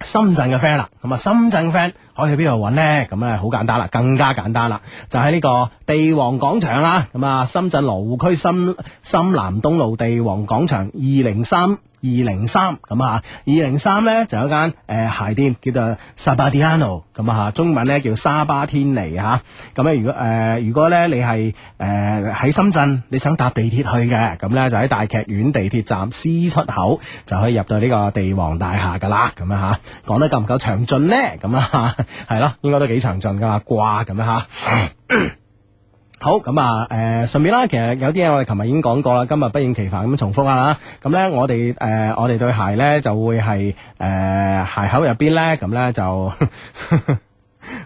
深圳嘅 friend 啦，咁啊深圳 friend 可以去邊度搵咧？咁咧好簡單啦，更加簡單啦，就喺、是、呢個地王廣場啦。咁啊，深圳羅湖區深深南東路地王廣場二零三。二零三，咁啊，二零三咧就有一間誒、呃、鞋店，叫做 Sabadiano，咁啊吓，中文咧叫沙巴天尼吓。咁咧，如果誒、呃、如果咧你係誒喺深圳，你想搭地鐵去嘅，咁咧就喺大劇院地鐵站 C 出口就可以入到呢個地王大廈噶啦。咁樣吓，講得夠唔夠詳盡呢？咁啊吓，係咯，應該都幾詳盡噶嘛，啩咁樣吓。好，咁啊，誒、呃、順便啦，其實有啲嘢我哋琴日已經講過啦，今日不厭其煩，咁重複啊，咁咧我哋誒、呃、我哋對鞋咧就會係誒、呃、鞋口入邊咧，咁咧就。 [LAUGHS]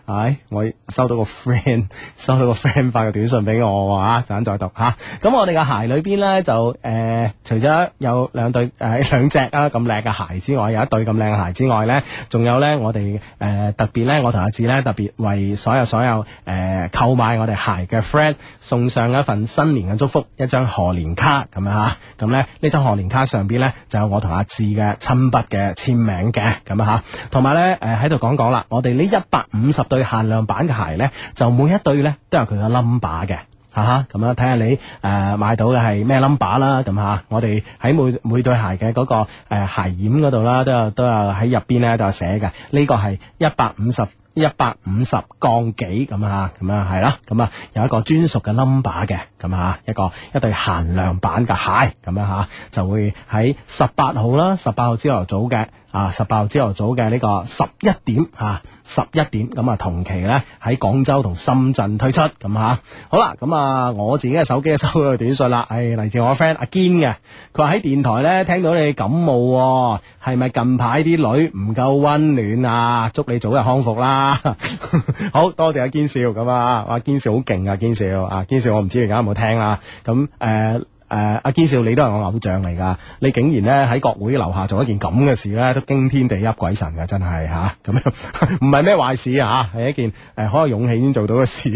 係、哎，我收到個 friend，收到個 friend 發個短信俾我啊，陣間再讀吓。咁、啊、我哋嘅鞋裏邊呢，就誒、呃，除咗有兩對誒兩隻啊咁靚嘅鞋之外，有一對咁靚嘅鞋之外呢，仲有呢。我哋誒、呃、特別呢，我同阿志呢，特別為所有所有誒購、呃、買我哋鞋嘅 friend 送上一份新年嘅祝福，一張賀年卡咁吓。咁咧呢張賀年卡上邊呢，就有我同阿志嘅親筆嘅簽名嘅咁啊吓，同埋呢，誒喺度講講啦，我哋呢一百五。五十對限量版嘅鞋呢，就每一對咧都有佢個 number 嘅，吓、啊、吓，咁樣睇下你誒、呃、買到嘅係咩 number 啦，咁啊，我哋喺每每對鞋嘅嗰、那個誒、呃、鞋掩嗰度啦，都有呢都有喺入邊都有寫嘅，呢、這個係一百五十一百五十槓幾咁啊，咁啊係啦，咁啊，啊，啊有一個專屬嘅 number 嘅，咁啊一個一對限量版嘅鞋，咁樣吓就會喺十八號啦，十八號朝頭早嘅。啊，十八號朝頭早嘅呢個十一點，吓，十一點，咁啊同期咧喺廣州同深圳推出，咁吓、啊、好啦，咁啊我自己嘅手機收到條短信啦，係、哎、嚟自我 friend 阿堅嘅，佢話喺電台咧聽到你感冒、哦，係咪近排啲女唔夠溫暖啊？祝你早日康復啦，呵呵好多謝阿堅少，咁啊，阿堅少好勁啊，堅少啊，堅少我唔知而家有冇聽啦、啊，咁誒。呃誒阿、呃、堅少，你都係我偶像嚟㗎，你竟然咧喺國會樓下做一件咁嘅事咧，都驚天地泣鬼神㗎，真係吓，咁、啊、樣，唔係咩壞事啊？係一件誒好、呃、有勇氣先做到嘅事，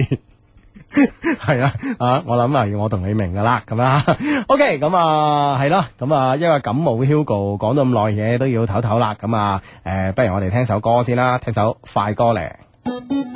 係啦 [LAUGHS] [LAUGHS] 啊，啊，我諗啊，要我同你明㗎啦，咁啊 OK 咁啊係囉，咁啊，啊因為感冒 Hugo 講咗咁耐嘢都要唞唞啦，咁啊誒、呃，不如我哋聽首歌先啦，聽首快歌嚟。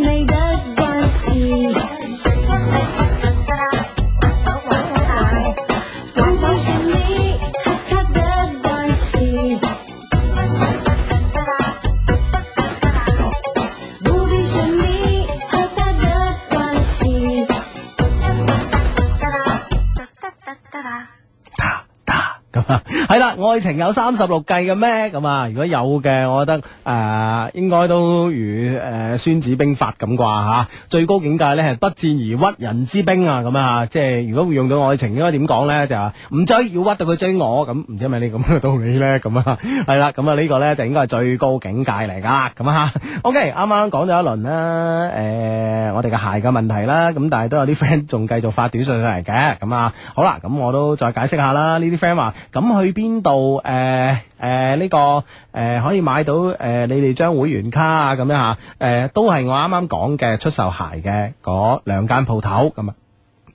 愛情有三十六計嘅咩？咁啊，如果有嘅，我覺得誒，應該都如誒《孫子兵法》咁啩吓，最高境界咧係不戰而屈人之兵啊，咁啊吓，即係如果會用到愛情，應該點講咧？就唔追，要屈到佢追我咁，唔知係咪你咁嘅道理咧？咁啊，係啦，咁啊呢個咧就應該係最高境界嚟噶，咁啊，OK，啱啱講咗一輪啦，誒，我哋嘅鞋嘅問題啦，咁但係都有啲 friend 仲繼續發短信上嚟嘅，咁啊，好啦，咁我都再解釋下啦，呢啲 friend 話咁去邊度？誒誒，呢、呃呃這個誒、呃、可以買到誒、呃、你哋張會員卡啊，咁樣吓誒、呃，都係我啱啱講嘅出售鞋嘅嗰兩間鋪頭咁啊，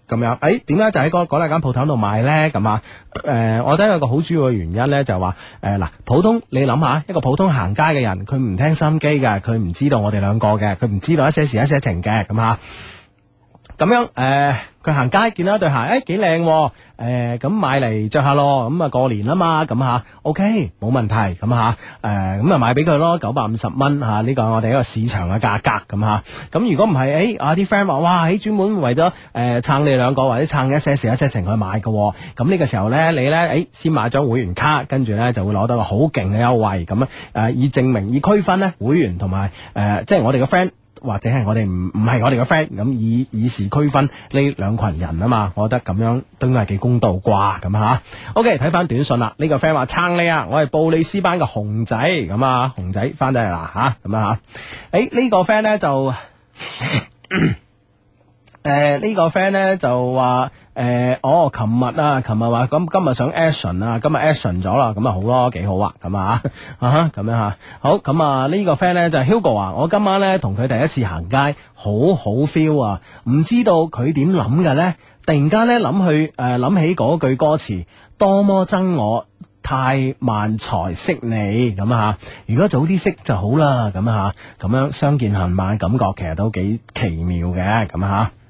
咁樣，樣誒，點解就喺嗰嗰兩間鋪頭度買呢？咁啊，誒、呃，我睇有個好主要嘅原因呢、就是，就話誒嗱，普通你諗下一個普通行街嘅人，佢唔聽心機噶，佢唔知道我哋兩個嘅，佢唔知道一些事一些情嘅，咁啊。咁樣，誒、呃，佢行街見到一對鞋，誒、哎，幾靚，誒、呃，咁買嚟着下咯，咁、嗯、啊過年啦嘛，咁吓、啊、OK，冇問題，咁吓，誒、啊，咁啊、嗯、買俾佢咯，九百五十蚊，吓、啊，呢、這個係我哋一個市場嘅價格，咁吓，咁、啊、如果唔係，誒、哎，啊啲 friend 話，哇，喺專門為咗，誒、呃，撐你兩個或者撐一些事一些情去買嘅，咁呢個時候咧，你咧，誒、哎，先買張會員卡，跟住咧就會攞到個好勁嘅優惠，咁啊，誒、啊，以證明以區分咧會員同埋，誒、啊啊啊，即係我哋嘅 friend。或者係我哋唔唔係我哋個 friend 咁以以示區分呢兩群人啊嘛，我覺得咁樣都應該係幾公道啩咁吓。OK，睇翻短信啦，呢、這個 friend 話撐你啊，我係布里斯班嘅熊仔咁啊，熊仔翻咗嚟啦吓咁啊吓。誒、欸這個、呢個 friend 咧就。 [COUGHS] 誒，呃、這個、呢個 friend 呢就話誒，我琴日啊，琴日話咁今日想 action 啊，今日 action 咗啦，咁啊好咯，幾好啊，咁啊啊，咁樣吓、啊，好，咁啊、這個、呢個 friend 呢就係、Hugo 啊，我今晚呢同佢第一次行街，好好 feel 啊，唔知道佢點諗嘅呢。突然間呢，諗去誒諗、呃、起嗰句歌詞，多麼憎我太慢才識你，咁啊，如果早啲識就好啦，咁啊，咁樣相見恨晚，感覺其實都幾奇妙嘅，咁啊。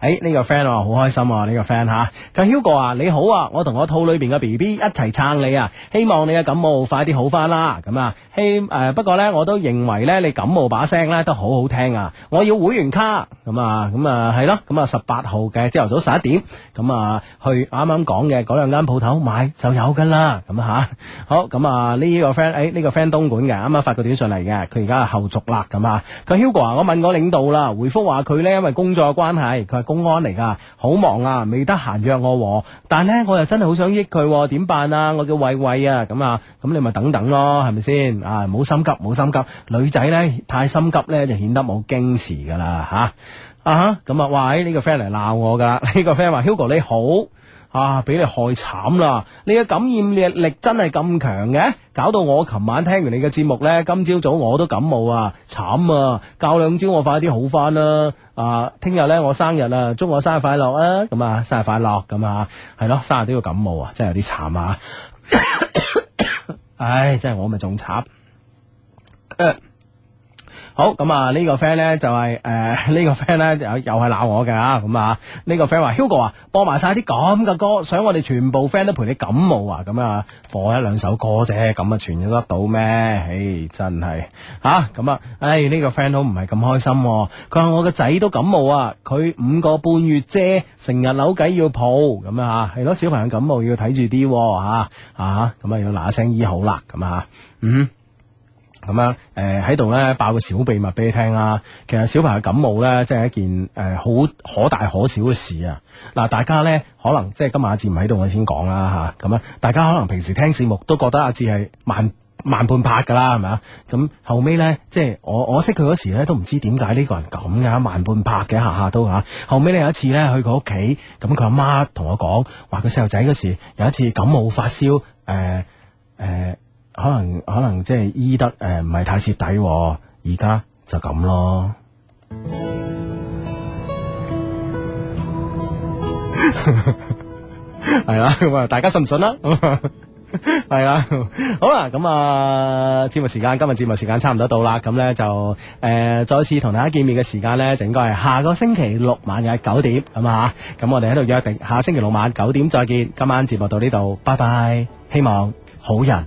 誒，呢個 friend 啊，好開心啊，呢個 friend 吓，佢 Hugo 啊，你好啊，我同我肚裏邊嘅 B B 一齊撐你啊，希望你嘅感冒快啲好翻啦，咁啊希誒，不過咧我都認為咧你感冒把聲咧都好好聽啊，我要會員卡，咁啊，咁啊係咯，咁啊十八號嘅朝頭早十一點，咁啊去啱啱講嘅嗰兩間鋪頭買就有噶啦，咁吓，好，咁啊呢個 friend，誒呢個 friend 東莞嘅，啱啱發個短信嚟嘅，佢而家係後續啦，咁啊，佢 Hugo 啊，我問過領導啦，回覆話佢咧因為工作關係，佢。公安嚟噶，好忙啊，未得閒約我、啊。但係咧，我又真係好想益佢、啊，點辦啊？我叫慧慧啊，咁啊，咁你咪等等咯，係咪先？啊，唔好心急，唔好心急。女仔呢，太心急呢，就顯得冇矜持噶啦，吓啊。咁啊，喂、啊，呢、這個 friend 嚟鬧我噶，呢、這個 friend 話 [LAUGHS] Hugo 你好。啊！俾你害慘啦！你嘅感染力，力真係咁強嘅，搞到我琴晚聽完你嘅節目呢，今朝早，早我都感冒啊，慘啊！教兩招我快啲好翻啦！啊，聽日呢，我生日啊，祝我生日快樂啊！咁啊，生日快樂咁啊，係咯，啊，生日都要感冒啊，真係有啲慘啊！唉、 [COUGHS] 哎，真係我咪仲慘。啊好咁，就係呃，這個、啊！呢、這個 friend 咧就係誒，呢個 friend 咧又又係鬧我嘅啊！咁啊，呢個 friend 話 Hugo 啊，播埋晒啲咁嘅歌，想我哋全部 friend 都陪你感冒啊！咁啊， [NOISE] 播一兩首歌啫，咁啊傳咗得到咩？唉，真係吓咁啊！唉，呢、這個 friend 都唔係咁開心、啊，佢話我個仔都感冒啊，佢五個半月啫，成日扭計要抱咁啊，吓，係咯，小朋友感冒要睇住啲吓啊！咁啊，啊要嗱一聲醫好啦，咁啊，嗯。咁啊，誒喺度咧，爆個小秘密俾你聽啊。其實小朋友感冒咧，真係一件誒好、呃、可大可小嘅事啊。嗱，大家咧可能即係今晚阿志唔喺度，我先講啦嚇。咁啊，大家可能平時聽節目都覺得阿志係慢慢半拍㗎啦，係咪啊？咁後尾咧，即係我我識佢嗰時咧，都唔知點解呢個人咁嘅、啊，慢半拍嘅，下下都嚇、啊。後尾咧有一次咧去佢屋企，咁佢阿媽同我講話，佢細路仔嗰時有一次感冒發燒，誒、呃、誒。呃呃可能可能即係醫得誒，唔、呃、係太徹底、哦。而家就咁咯，係啦。咁啊，大家信唔信啦？咁啊，係 [LAUGHS] 啊，好啦。咁啊、呃，節目時間今日節目時間差唔多到啦。咁咧就誒、呃，再次同大家見面嘅時間咧，就應該係下個星期六晚嘅九點，係啊，咁我哋喺度約定下星期六晚九點再見。今晚節目到呢度，拜拜。希望好人。